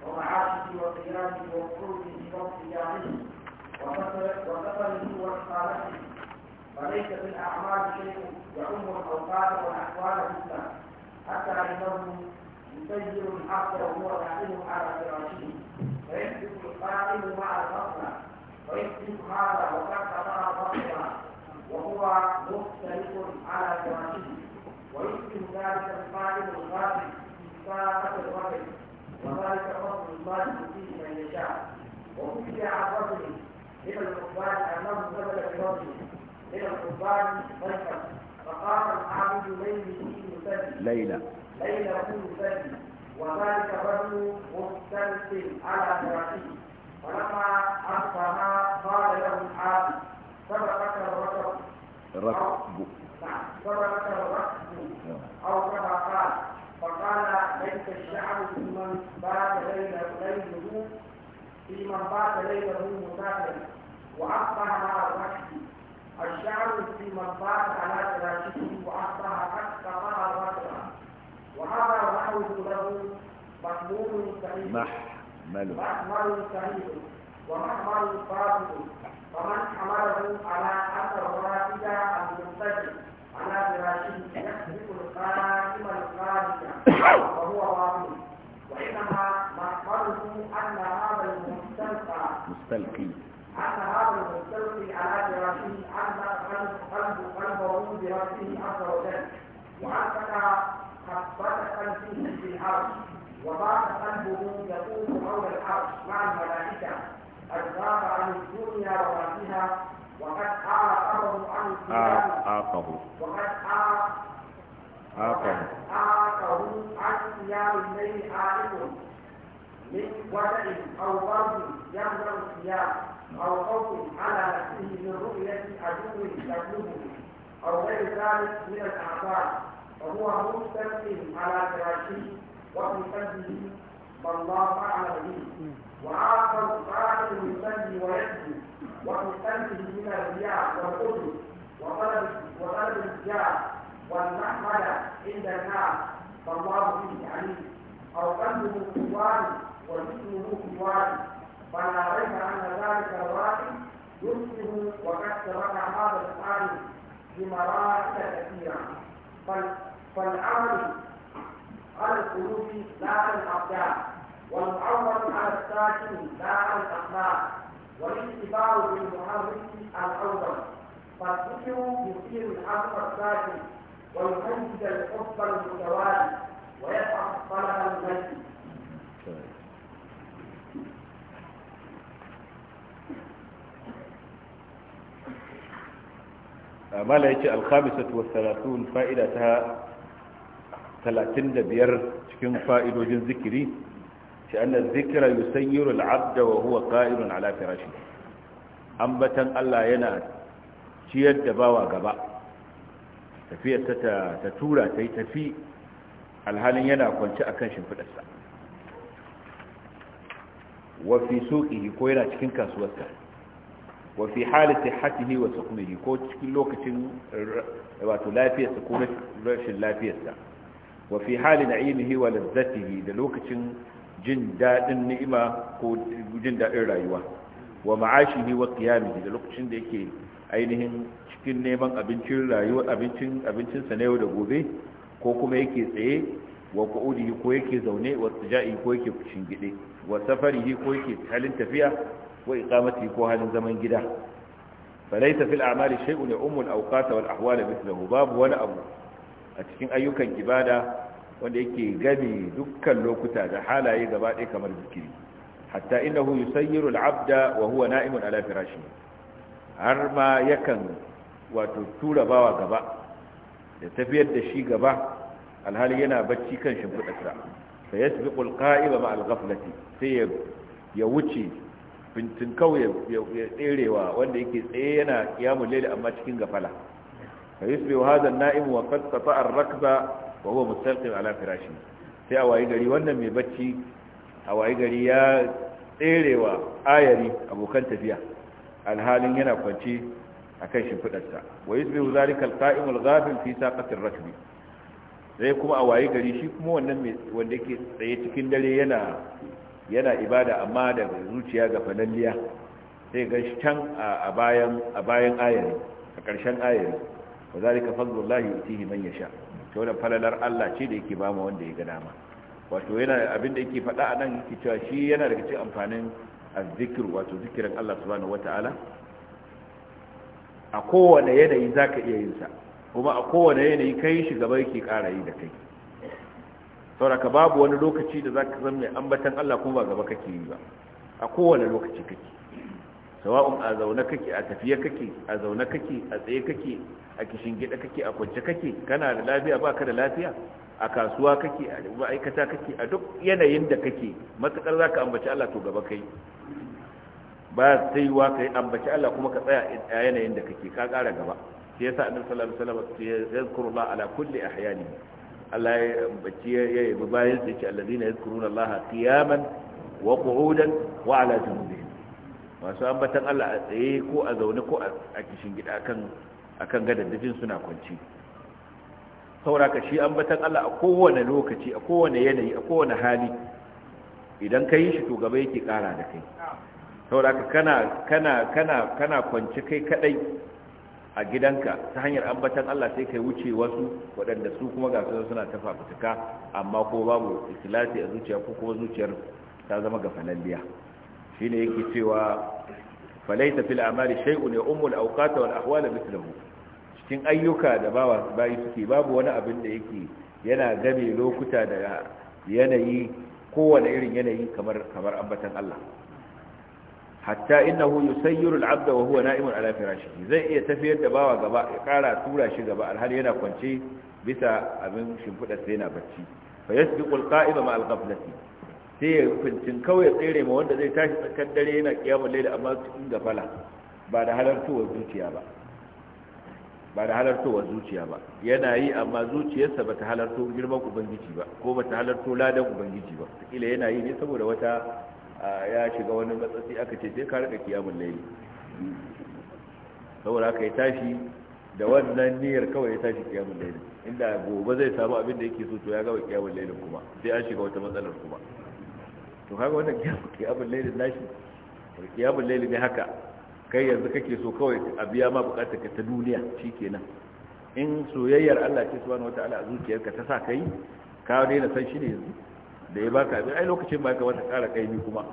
ومعاشه وقيامه وخروجه واصطياعه وسفره وإقامته فليس في الأعمال شيء يعم الأوقات والأحوال كلها حتى إنه يسير الحق وهو نائم على فراشه فيمسك القائم مع الفصل ويمسك هذا وكذا قطع الفصل وهو مختلف على زمانه ويمكن ذلك القائد الغافل في ساقة الرجل وذلك فضل الله يؤتيه من يشاء وكتب عن رجل من القربان انه نزل برجل من القربان ضيفا فقام العبد ليله يسلي ليلى ليله يسلي وذلك الرجل مختلف على فراشه فلما اصبح قال له العابد سبق ركب أو كما قال فقال ليس الشعب في من بات ليله ليله في من بات ليله مسافرا وأصبح على الركب الشعب في من بات على فراشه وأصبح قد قطع الركبة وهذا نحوه له محمول صحيح محمل صحيح ومحمل فاضل ومن حمله على أن الرافد المنفجر على فراشه يحذف القائم القادم وهو واقف وإنما محمله أن هذا المستلقى مستلقي أن هذا المستلقي على فراشه أن قلب قلب قلبه بربه عز وجل وأنك خطبت قلبه في الأرض وبات قلبه يطوف حول العرش مع الملائكة أجاب عن الدنيا وما فيها وقد أعرفه عن الدنيا آه، وقد أعرفه أعرفه عن قيام الليل عالم من وجع أو برد يمنع القيام أو خوف على نفسه من رؤية عدو يبلغه أو غير ذلك من الأعمال فهو مستقيم على فراشه وفي قلبه والله أعلم به وعاقل عاقل يصلي ويسجد وتستنتج من الرياء والقدر وطلب وطلب الاتجاه والمحملة عند الناس فالله به عليم أو قلبه في الوادي وجسمه في الوادي فلا ريب أن ذلك الواحد يصبح وقد سبق هذا السؤال بمراحل كثيرة فالعمل على القلوب لا على الأبدان والأول على الساكن لا الأخبار الأخلاق بالمحرك الأول فالذكر يثير الحرف الساكن ويهدد الحب المتوالي ويدفع الطلب المجد آه، ما لا يجي الخامسة والثلاثون فائدتها ثلاثين دبير كم فائد وجن ذكري shi annan zikira yusayyiru al'abda wa huwa qa'ilun ala ambatan Allah yana ciyar da bawa gaba tafiyar ta tura ta yi tafi alhalin yana kwance a shimfidarsa wa fi suqihi ko yana cikin kasuwarsa wa fi hali sihhatihi wa suqmihi ko cikin lokacin ko rashin da lokacin jin daɗin ni'ima ko jin daɗin rayuwa wa ma'ashihi wa qiyami da lokacin da yake ainihin cikin neman abincin rayuwa abincin abincin sa yau da gobe ko kuma yake tsaye wa qu'udihi ko yake zaune wa tija'i ko yake gide wa safarihi ko yake halin tafiya wa iqamati ko halin zaman gida falaita fil a'mali shay'un ya'ummu al-awqata wal ahwala mithluhu babu wani abu a cikin ayyukan ibada wanda yake gani dukkan lokuta da halaye gaba ɗaya kamar zikiri hatta innahu yusayyiru al-abda wa huwa na'imun ala firashi har ma yakan wato tura bawa gaba da tafiyar da shi gaba alhali yana bacci kan sa. fa ya al-qa'iba ma al-ghaflati sai ya wuce fintin kawai ya tserewa wanda yake tsaye yana kiyamul layl amma cikin gafala fa yasbiqu hadha an Na'imu wa qad ta'ar ar-rakba wa huwa mustalqin ala firashi sai a wayi gari wannan mai bacci a wayi gari ya tserewa ayari abokan tafiya alhalin yana kwance akan shimfidarsa wa yusbihu zalika alqa'im alghafil fi saqati ar-rakbi sai kuma a wayi gari shi kuma wannan wanda yake tsaye cikin dare yana yana ibada amma da zuciya ga falalliya sai ga shi can a bayan a bayan ayari a ƙarshen ayari wa zalika fadlullahi yutihi man yasha to da falalar Allah ce da yake ba mu wanda ya ga dama wato yana abin da yake faɗa a nan yake cewa shi yana daga cikin amfanin azzikir wato zikirin Allah subhanahu wata'ala a kowane yanayi zaka iya yin sa kuma a kowane yanayi kai shi gaba yake ƙara yi da kai sauraka babu wani lokaci da zaka zama mai ambatan Allah kuma ba gaba kake yi ba a kowane lokaci kake sawa'un a zaune kake a tafiye kake a zaune kake a tsaye kake a kishin gida kake a kwance kake kana da lafiya ba ka da lafiya a kasuwa kake a ma'aikata kake a duk yanayin da kake matukar ka ambaci Allah to gaba kai ba sai wa kai ambaci Allah kuma ka tsaya a yanayin da kake ka kara gaba sai yasa annabi sallallahu alaihi wasallam ya zikru Allah ala kulli ahyani Allah ya ambaci ya yi bayan sai ce alladhina yadhkuruna Allah qiyaman wa qu'udan wa ala junubihim masu ambatan Allah a tsaye ko a zaune ko a kishin gida akan akan suna kwanci sauraka shi ambatan Allah a kowane lokaci a kowane yanayi a kowane hali idan ka yi shi to gaba yake kara da kai sauraka kana kana kana kwanci kai kadai a gidanka ta hanyar ambatan Allah sai kai wuce wasu waɗanda su kuma ga suna ta fafutuka amma ko babu ikilasi a zuciya ko kuma zuciyar ta zama gafalalliya shine yake cewa falaita fil amali shay'un ya ummul awqata wal ahwala mithluhu cikin ayyuka da bawa bayi suke babu wani abin da yake yana game lokuta da yanayi kowane irin yanayi kamar ambatan Allah hatta in yusayyiru al-'abda wa huwa na'imun ala firashihi zai iya tafiyar da bawa gaba ya kara tura shi gaba alhali yana kwance bisa abin shimfidar sai yana bacci fa yasbiqu al-qa'ima ma al-ghaflati sai ya fincin kawai tsere ma wanda zai tashi tsakar dare yana kiyamun laila amma cikin gafala ba da halartowar zuciya ba ba da halartowar zuciya ba yana yi amma zuciyarsa ba ta halarto girman ubangiji ba ko ba ta halarto ladan ubangiji ba kila yana yi ne saboda wata ya shiga wani matsatsi aka ce sai ka rika kiyamun laili saboda aka yi tashi da wannan niyyar kawai ya tashi kiyamun laili inda gobe zai samu abin da yake so to ya gaba kiyamun lailin kuma sai an shiga wata matsalar kuma to kaga wannan *laughs* kiyabul laili nashi kiyabul laili ne haka kai yanzu kake so kawai a biya ma bukatar ka ta duniya shikenan in soyayyar Allah ce subhanahu wataala a zuciyarka ta sa kai ka daina san shi ne yanzu da ya baka abin ai lokacin ba ka wata kara kai ni kuma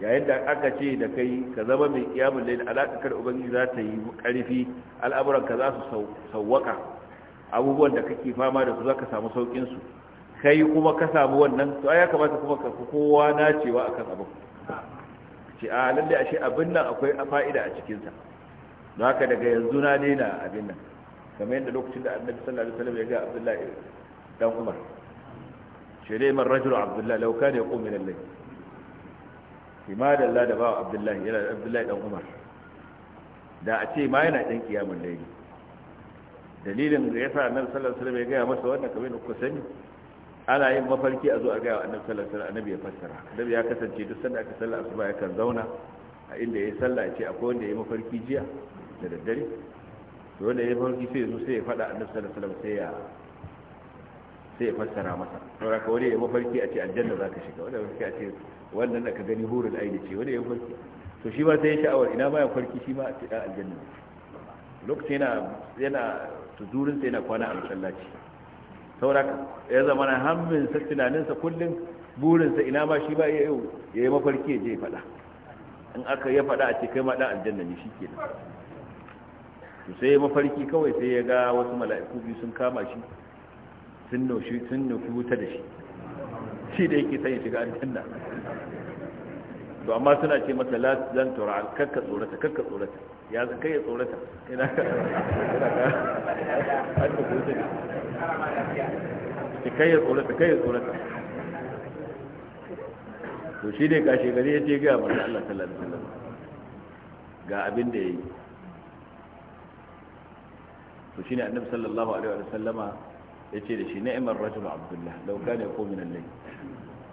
yayin da aka ce da kai ka zama mai kiyamun laili kar ubangiji za ta yi ƙarfi al'amuranka za su sauwaka abubuwan da kake fama da su za ka samu sauƙinsu kai kuma ka samu wannan to ai ya kamata kuma ka kowa na cewa akan abin ce a ah, lalle ashe abin nan akwai fa'ida a cikinsa don haka daga yanzu na daina abin nan kamar yadda lokacin da annabi sallallahu alaihi wasallam ya ga abdullahi dan umar shirye man rajul abdullahi law kana yaqum min al-layl da Allah da ba abdullahi yana abdullahi dan umar da a ce ma yana dan kiyamul layl dalilin da yasa annabi sallallahu alaihi wasallam ya ga masa wannan kamar ku sani ana yin mafarki a zo a gaya wa annabi sallallahu alaihi wasallam annabi ya fassara annabi ya kasance duk sanda aka sallar asuba kan zauna a inda ya sallah ce akwai wanda ya mafarki jiya da daddare to wanda ya mafarki sai zo sai ya faɗa annabi sallallahu alaihi wasallam sai ya sai ya fassara masa to raka wani ya mafarki a ce aljanna zaka shiga wanda mafarki a ce wannan da ka gani hurul aini ce wanda ya mafarki to shi ba sai ya sha'awar ina ba ya farki shi ma a ce aljanna lokacin yana yana tudurin sai yana kwana a masallaci sauraka ya zama na hamminsa tunaninsa kullum burinsa ina ma shi ba ya yi mafarki ya je faɗa in aka ya faɗa a ce kai maɗan aljanna ne shi ke sai ya mafarki kawai sai ya ga wasu mala'iku biyu sun kama shi sun nufi sun wuta da shi shi da yake sanya shiga aljanna to amma suna ce masa la zan tura kakka tsorata kakka tsorata ya kai ya tsorata ina ka ne kai ya tsorata kai ya tsorata to shi ne kashe gari ya ce gaya masa Allah sallallahu alaihi wasallam ga abin da yayi to shine annabi sallallahu alaihi wa ya yace da shi ni'mar rajul abdullah law kana yaqum min al-layl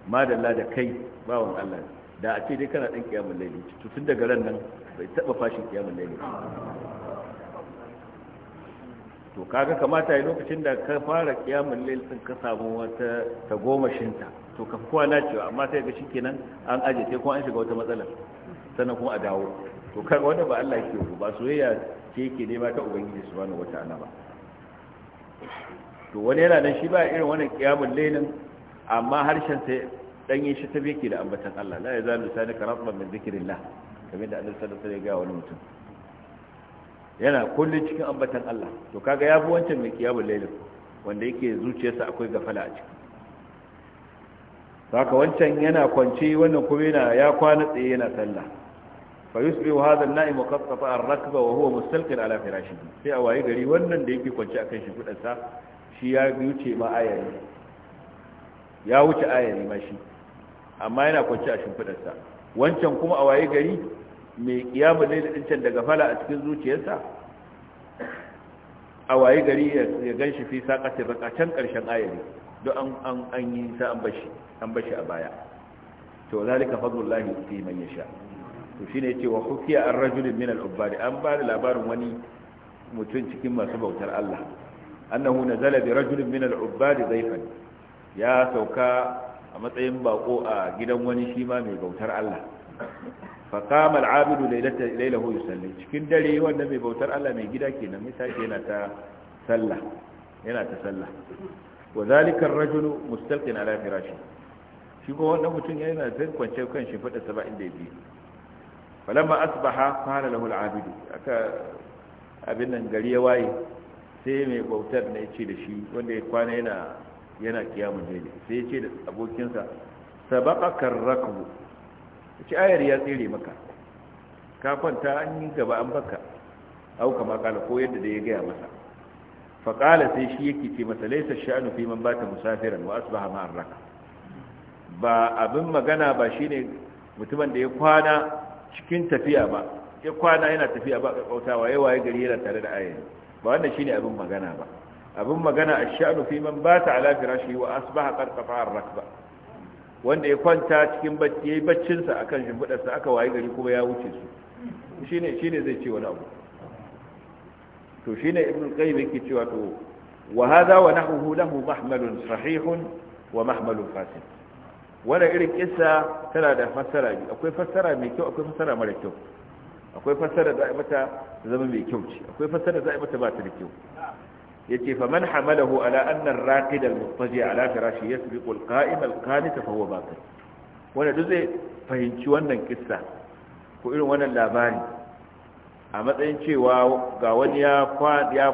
ma dalla da kai bawon Allah da a ce dai kana din kiyamul layli to tun daga ran nan bai taba fashin kiyamun ne to kaga kamata yi lokacin da ka fara kiyamun laili sun ka samu wata tagomashinta to ka na cewa amma sai ga shikenan an aje sai kuma an shiga wata matsalar sannan kuma a dawo to kaga wanda ba Allah yake ba soyayya ce yake nema ta ubangiji subhanahu wataala ba to wani yana nan shi ba irin wannan kiyamun nan amma harshen sai dan yin shi tabi yake da ambatan Allah la yazalu sanika rabban min zikrillah kamar da annabi sallallahu alaihi wasallam ya ga wani mutum yana kullun cikin ambatan Allah to kaga yafi wancan mai kiyabul layl wanda yake zuciyarsa akwai gafala a ciki saka wancan yana kwance wannan kuma yana ya kwana tsaye yana sallah fa yusbihu hadha an-na'im qattata ar-rakba wa huwa mustalqin ala firashihi sai a waye gari wannan da yake kwance akan shi gudansa shi ya wuce ma ayari ya wuce ayari ma shi amma yana kwance a shimfidarsa wancan kuma a waye gari mai kiyama ne da can daga fala a cikin zuciyarsa a waye gari ya gan shi fi saƙatin can ƙarshen ayari don an yi sa an bashi a baya to zalika lahi fi man yasha to shine yace wa hukiya an rajulin min al ubbari an ba da labarin wani mutum cikin masu bautar Allah annahu nazala bi rajulin min al ubbari zayfan ya sauka a matsayin bako a gidan wani shi ma mai bautar Allah فقام العابد ليلته ليله يصلي cikin dare wanda mai bautar Allah mai gida kenan mai sake yana ta sallah yana ta sallah wadhalika ar-rajulu mustalqin ala firashi shi ko wannan mutum yana zai kwance kan shi fada saba inda biyu falamma asbaha qala lahu al aka abin nan gari ya waye sai mai bautar ne yace da shi wanda ya kwana yana yana kiyamun ne sai yace da abokinsa sabaqaka ar ci ayar ya tsere maka kafan ta an yi gaba an baka au kama kala ko yadda da ya gaya masa faƙala sai shi yake ce masa laisa sha'anu fi man bata musafiran wa asbaha ma arraka. ba abin magana ba shine mutumin da ya kwana cikin tafiya ba ya kwana yana tafiya ba yawa ya waye gari yana tare da ayar ba wannan shine abin magana ba abin magana ash-sha'nu fi man bata ala firashi wa asbaha qad qata'a ar-rakba wanda ya kwanta cikin bacci yayi baccin sa akan shimfidar sa aka waye gari kuma ya wuce su shine shine zai ce wani abu to shine ibnu qayyim yake cewa to wa hadha wa nahuhu lahu mahmalun sahihun wa mahmalun fasid wannan irin kissa tana da fassara biyu akwai fassara mai kyau akwai fassara mara kyau akwai fassara za a mata zama mai kyau ce akwai fassara za a mata ba ta da kyau yace fa man hamalahu ala anna ar-raqid al-muttaji ala firashi yasbiqu al-qa'im al-qanit fa huwa baqi wanda duk zai fahimci wannan kissa ko irin wannan labari a matsayin cewa ga wani ya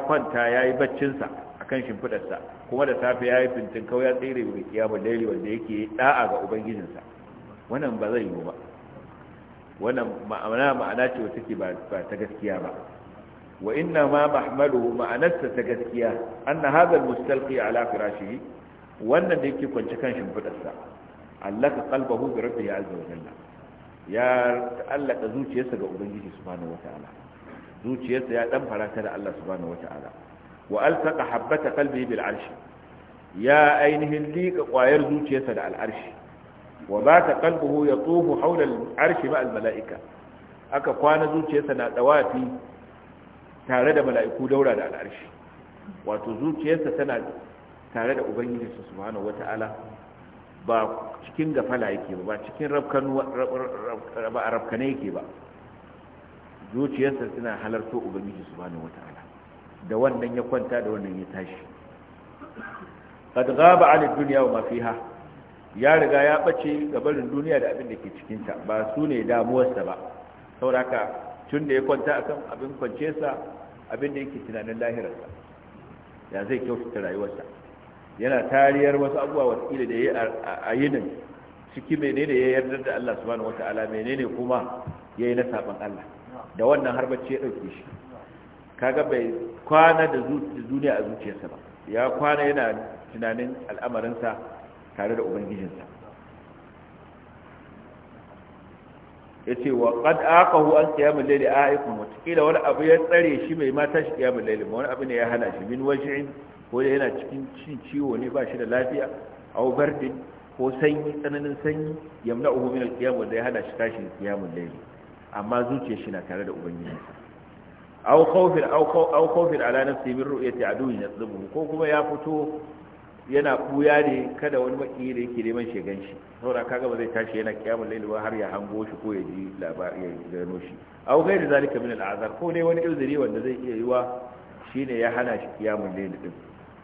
kwanta ya yi baccinsa a kan shimfidarsa kuma da safe ya yi fintin kawai ya tsere mai kiyamun laili wanda yake da'a ga ubangijinsa wannan ba zai yi ba wannan ma'ana ma'ana ce wata ke ba ta gaskiya ba wa inna ma mahmaluhu ma'anarsa ta gaskiya anna hadha al-mustalqi ala firashihi wannan da yake kwance kan shimfidarsa allaka qalbahu bi rabbihi azza wa jalla ya allaka zuciyarsa ga ubangiji subhanahu wataala zuciyarsa ya dan farata da Allah subhanahu wataala wa alfaqa habbata qalbihi bil arshi ya ainihin liƙa ƙwayar zuciyarsa da al'arshi wa bata ta kalbuhu ya tsohu haular arshi ba al-mala'ika aka kwana zuciyarsa na ɗawafi tare da mala'iku daura da al'arshi wato zuciyarsa tana tare da ubangiji subhanahu wata'ala ba cikin gafala yake ba cikin rafkane yake ba zuciyarsa tana halarto ubangiji subhanahu wata'ala da wannan ya kwanta da wannan ya tashi kad gaba 'ala duniya dunya wa ma fiha ya riga ya bace gabarin duniya da abin da ke cikinta ba su ne damuwarsa ba saboda tun da ya kwanta a kan abin kwance sa abin da yake tunanin lahirarsa ya zai kyautata rayuwarsa yana tariyar wasu abubuwa watakila da ya yi a yinin ciki menene ya yarda da Allah subhanahu wata'ala menene kuma ya yi na saban Allah da wannan har bacci ya ɗauke shi kaga bai kwana da duniya a zuciyarsa ba ya kwana yana tunanin al'amarinsa tare da ubangijinsa yace wa qad aqahu an qiyamul layli aikum watakila wani abu ya tsare shi mai mata shi qiyamul layli ma wani abu ne ya hana shi min waj'in ko da yana cikin cin ciwo ne ba shi da lafiya aw ko sanyi tsananin sanyi yamna'uhu min al-qiyam ya hana shi tashi qiyamul layli amma zuciyar shi na tare da ubangiji aw khawfin aw khawfin ala nafsi min ru'yati aduwwin yadhlibu ko kuma ya fito yana buya ne kada wani makiri da yake neman shegan shi saura kaga ba zai tashi yana kiyamul layl ba har ya hango shi ko ya ji labari ya gano shi aw gairi zalika min al'azar ko dai wani uzuri wanda zai iya yiwa shine ya hana shi kiyamul layl din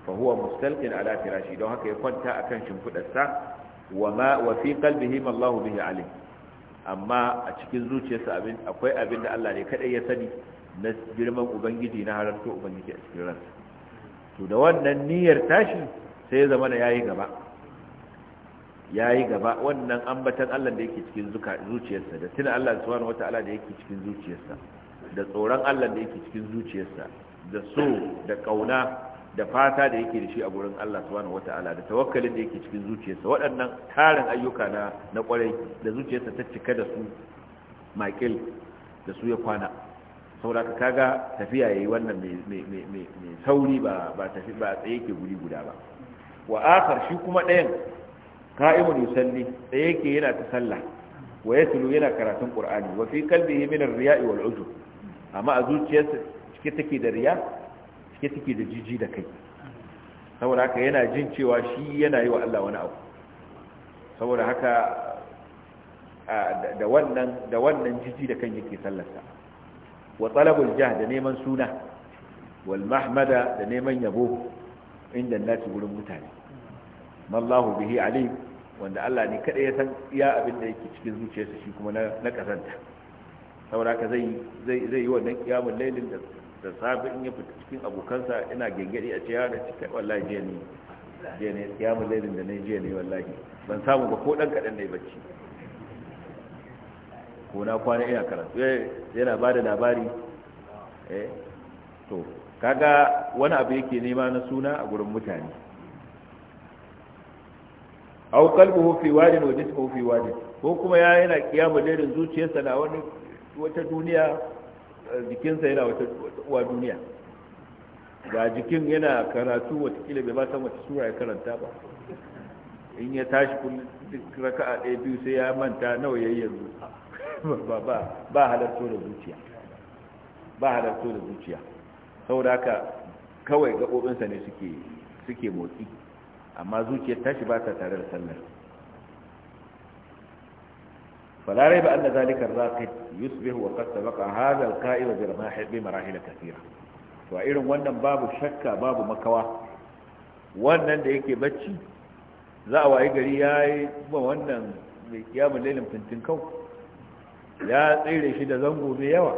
fa huwa mustalqin ala firashi don haka ya kwanta akan shimfidar sa wa ma wa fi qalbihi ma Allahu bihi alim amma a cikin zuciyarsa abin akwai abin da Allah ne kadai ya sani na girman ubangiji na to ubangiji a cikin ransa to da wannan niyyar tashi sai ya zama da yayi gaba ya yi gaba wannan ambatan Allah da yake cikin zuciyarsa da tuna Allah subhanahu wata'ala da yake cikin zuciyarsa da tsoron Allah da yake cikin zuciyarsa da so da kauna da fata da yake da shi a gurin Allah subhanahu wata'ala da tawakkalin da yake cikin zuciyarsa waɗannan tarin ayyuka na na da zuciyarsa ta cika da su makil da su ya kwana saboda kaga tafiya yayi wannan mai mai mai sauri ba ba tafi ba tsaye yake guri guda ba wa akhar shi kuma ɗayan qa'imun yusalli da yake yana ta sallah wa yatlu yana karatun Kur'ani. wa fi qalbihi min ar-riya'i wal amma a zuciyarsa cike take da riya cike take da jiji da kai saboda haka yana jin cewa shi yana yi wa Allah wani abu saboda haka da wannan da jiji da kai yake sallarsa wa talabul jah da neman suna wal da neman yabo inda nasi gurin mutane mallahu bihi alim wanda Allah ne kada ya san iya abin da yake cikin zuciyarsa shi kuma na kasanta saboda ka zai zai zai yi wannan kiyamul lailin da da safi in ya fita cikin abokansa ina gengedi a cewa da cikin wallahi jiya ne je ne kiyamul lailin da ne jiya ne wallahi ban samu ba ko dan kadan ne bacci ko na kwana ina karatu eh, yana bada labari eh to kaga wani abu yake nema na suna a gurin mutane aw qalbuhu fi wadin wa jismuhu fi wadin ko kuma ya yana kiyama dairin zuciyarsa na wani wata duniya eh, jikinsa yana wata uwa duniya ga jikin yana karatu watakila bai ba san wata sura ya karanta ba in ya tashi kullum duk raka'a ɗaya biyu sai ya manta nawa yayi yanzu ba ba ba halarto da zuciya ba halarto da zuciya saboda haka kawai gaɓoɓinsa ne suke suke motsi amma zuciyar tashi ba ta tare da sallar ba wa ريب أن ذلك الراقد يصبح وقد سبق هذا القائل to a irin wannan babu shakka babu makawa wannan da yake bacci za a waye gari ya yi ba wannan mai kiyamun lailin fintin kau ya tsere shi da zango mai yawa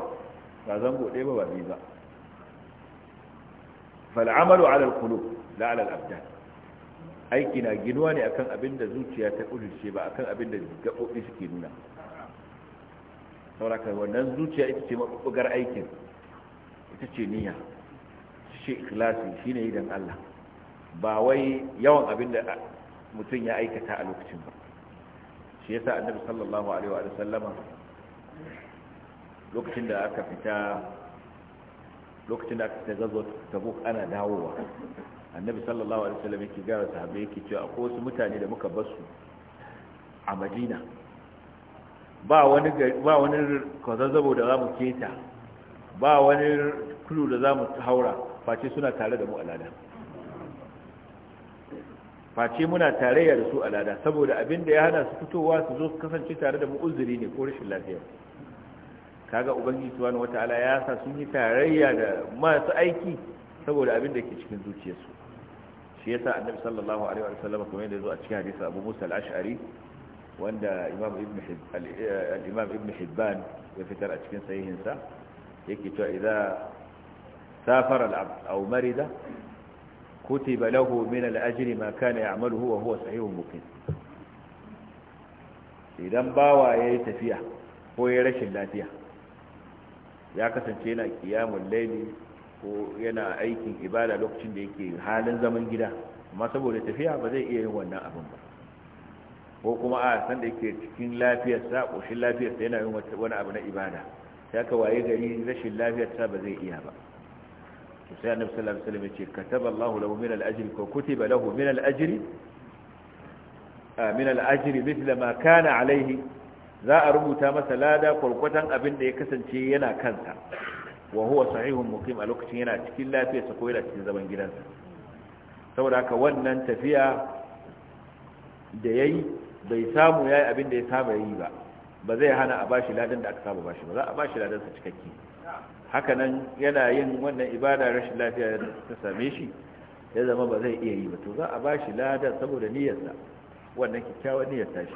ba zango ɗaya ba ba biyu ba fal'amalu alal kulu la alal abdan aiki na ginuwa ne akan abin da zuciya ta kudurce ba akan abin da gaɓoɓi suke nuna sauraka wannan zuciya ita ce maɓuɓɓugar aikin ita ce niyya shi ikhlasi shi ne idan Allah ba wai yawan abin da mutum ya aikata a lokacin ba shi yasa annabi sallallahu alaihi wa sallama lokacin da aka fita lokacin da aka fita gazo tabuk ana dawowa annabi sallallahu alaihi wasallam yake ga sahabbai yake cewa akwai wasu mutane da muka su a madina ba wani ba wani kwazazzabo da zamu keta ba wani kulu da zamu haura face suna tare da mu alada face muna tarayya da su alada saboda abin da ya hana su fitowa su zo kasance tare da mu uzuri ne ko rashin lafiya kaga ubangiji subhanahu wataala ya sa sun yi tarayya da masu aiki saboda abin da ke cikin zuciyarsu shi yasa annabi sallallahu alaihi wa sallam kuma yadda zo a cikin hadisi Abu Musa al-Ash'ari wanda Imam Ibn al-Imam Ibn Hibban ya fitar a cikin sahihin sa yake cewa idza safara al-abd aw marida kutiba lahu min al-ajri ma kana ya'maluhu wa huwa sahihun muqim idan bawa yayi tafiya ko ya rashin lafiya ya kasance yana qiyamul layli ko yana aikin ibada lokacin da yake halin zaman gida amma saboda tafiya ba zai iya yin wannan abin ba ko kuma a san da yake cikin lafiyarsa ƙoshin lafiyarsa yana yin wani abu na ibada ta ka waye gari rashin lafiyarsa ba zai iya ba to sai annabi sallallahu alaihi wasallam ya ce kataba Allahu lahu min al-ajri ko kutiba lahu min al-ajri min al-ajri mithla ma kana alayhi za a rubuta masa lada kurkutan abin da ya kasance yana kansa wa huwa sahihun muqim a lokacin yana cikin lafiyarsa ko yana cikin zaman gidansa saboda haka wannan tafiya da yayi bai samu yayi abin da ya saba yi ba ba zai hana a bashi ladan da aka saba bashi ba za a bashi ladan sa cikakke haka nan yana yin wannan ibada rashin lafiya ta same shi ya zama ba zai iya yi ba to za a bashi ladan saboda niyyarsa wannan kikkiawar niyyar ta shi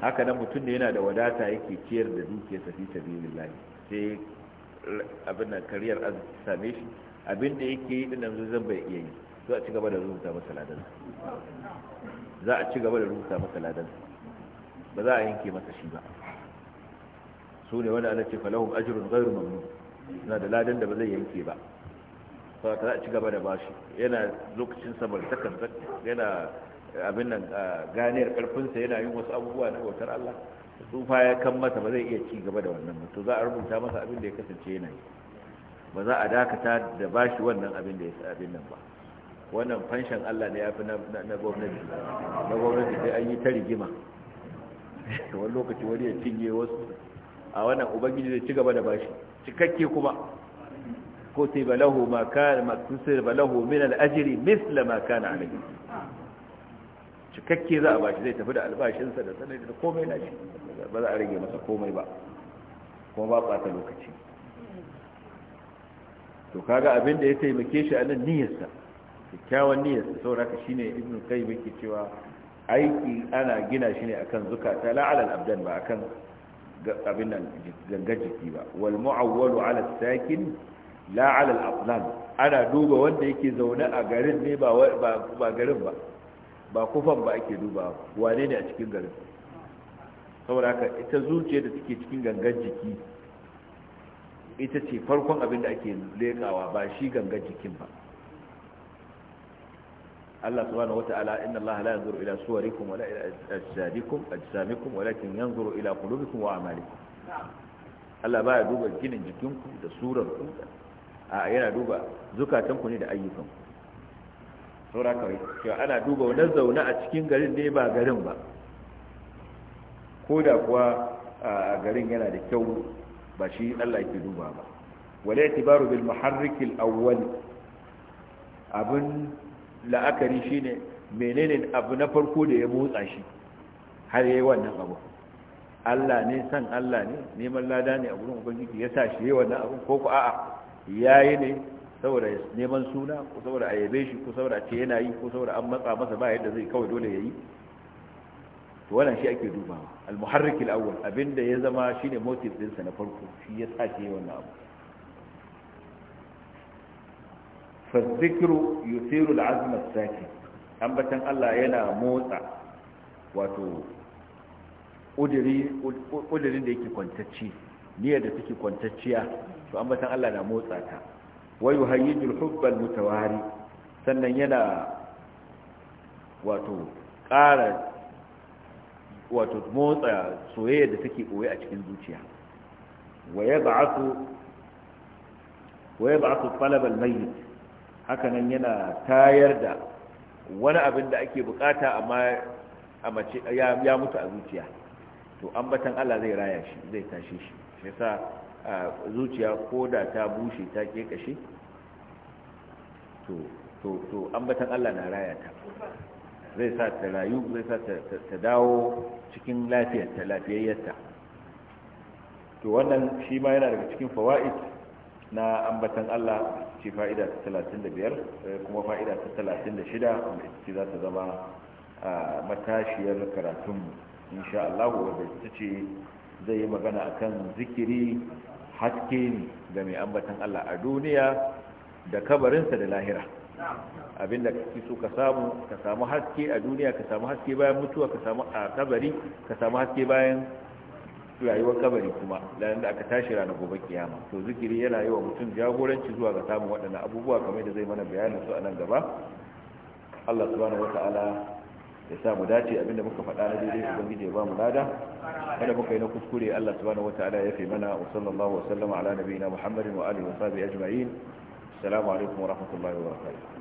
haka nan mutum ne yana da wadata yake ciyar da dukiyarsa fi sabilillah sai abin nan kariyar arziki same shi abin da yake yi dinan zuzan bai iya yi za a ci gaba da rubuta masa ladan za a ci gaba da rubuta masa ladan ba za a yanke masa shi ba su ne wanda ana ce falahum ajrun ghairu mamnun suna da ladan da ba zai yanke ba ba ka za a ci gaba da bashi yana lokacin samartakan yana abin nan ah, ganiyar karfinsa yana yin wasu abubuwa na bautar Allah tsufa ya kan mata ba zai iya ci gaba da wannan to za a rubuta masa abin da ya kasance yana yi ba za a dakata da bashi wannan abin da ya sa abin nan ba wannan fanshan Allah ne ya fi na gwamnati na gwamnati sai an yi ta rigima *laughs* wani lokaci wani ya cinye wasu a wannan ubangiji zai ci gaba da bashi cikakke kuma ko sai balahu ma kana maktusir balahu min al-ajri misla ma kana alayhi cikakke za a bashi zai tafi da albashinsa da sanadin komai na shi ba za a rage masa komai ba kuma ba ɓata lokaci to kaga abin da ya taimake shi a nan niyyarsa kyakkyawan niyyarsa sauraka shine ibnu kai yake cewa aiki ana gina shi ne akan zukata ta ala abdan ba akan abin nan gangar jiki ba wal mu'awwalu ala sakin la'alal abdan ana duba wanda yake zaune a garin ne ba garin ba ba kofan ba ake duba wane ne a cikin garin saboda haka ita zuciya da take cikin gangan jiki ita ce farkon abin da ake lekawa ba shi gangan jikin ba Allah subhanahu wata'ala inna Allah la yanzuru ila suwarikum wala ila ajsadikum ajsamikum walakin yanzuru ila qulubikum wa a'malikum Allah baya duba ginin jikinku da ku a yana duba zukatanku ne da ayyukanku saura kawai cewa ana duba wani zaune a cikin garin ne ba garin ba ko da kuwa a garin yana da kyau ba shi Allah yake duba ba wala itibaru bil muharrik al awwal abun la'akari shine menene abu na farko da ya motsa shi har yayi wannan abu Allah ne san Allah ne neman lada ne a gurin ubangiji ya sa shi yayi wannan abu ko ku a'a yayi ne saboda neman suna ko saboda ayyabe shi ko saboda ce yana yi ko saboda an matsa masa ba yadda zai kawai dole ya yi. to wannan shi ake dubawa al-muharrik al-awwal abinda ya zama shine motive din sa na farko shi ya sace wannan abu fa dhikru yuthiru al-azm as-sakin ambatan Allah yana motsa wato udiri udirin da yake kwantacci niyyar da take kwantacciya to ambatan Allah na motsa ta wa yuhayyijul hubbal mutawari sannan yana wato ƙara wato motsa soyayya da take koyi a cikin zuciya wa yab'athu wa yab'athu talab yana tayar da wani abin da ake bukata amma ya mutu a zuciya to ambatan Allah zai raya shi zai tashe shi shi yasa zuciya ko da ta bushe ta ke kashe to ambatan Allah na raya ta zai sa ta rayu zai sa ta dawo cikin lafiyarta lafiyayyarta to wannan shi ma yana daga cikin fawa'id na ambatan Allah ce fa'ida ta 35 eh, kuma fa'ida ta 36 wanda ita za ta zama matashiyar karatunmu insha Allah wadda ita ce zai yi magana akan zikiri haske ne ga mai ambatan Allah a duniya da kabarinsa da lahira abinda kake so ka samu ka samu haske a duniya ka samu haske bayan mutuwa ka samu a kabari ka samu haske bayan rayuwar kabari kuma lalan da aka tashi rana gobe kiyama to zikiri yana yi wa mutum jagoranci zuwa ga samun waɗannan abubuwa kamar da zai mana bayanin su a nan gaba Allah subhanahu wata'ala ya sa mu dace abinda muka faɗa na daidai ubangiji ya ba mu lada kada muka yi na kuskure Allah subhanahu wataala ya fi mana wa sallallahu wa sallama ala nabiyina Muhammadin wa alihi wa sahbihi ajma'in assalamu alaikum wa rahmatullahi wa barakatuh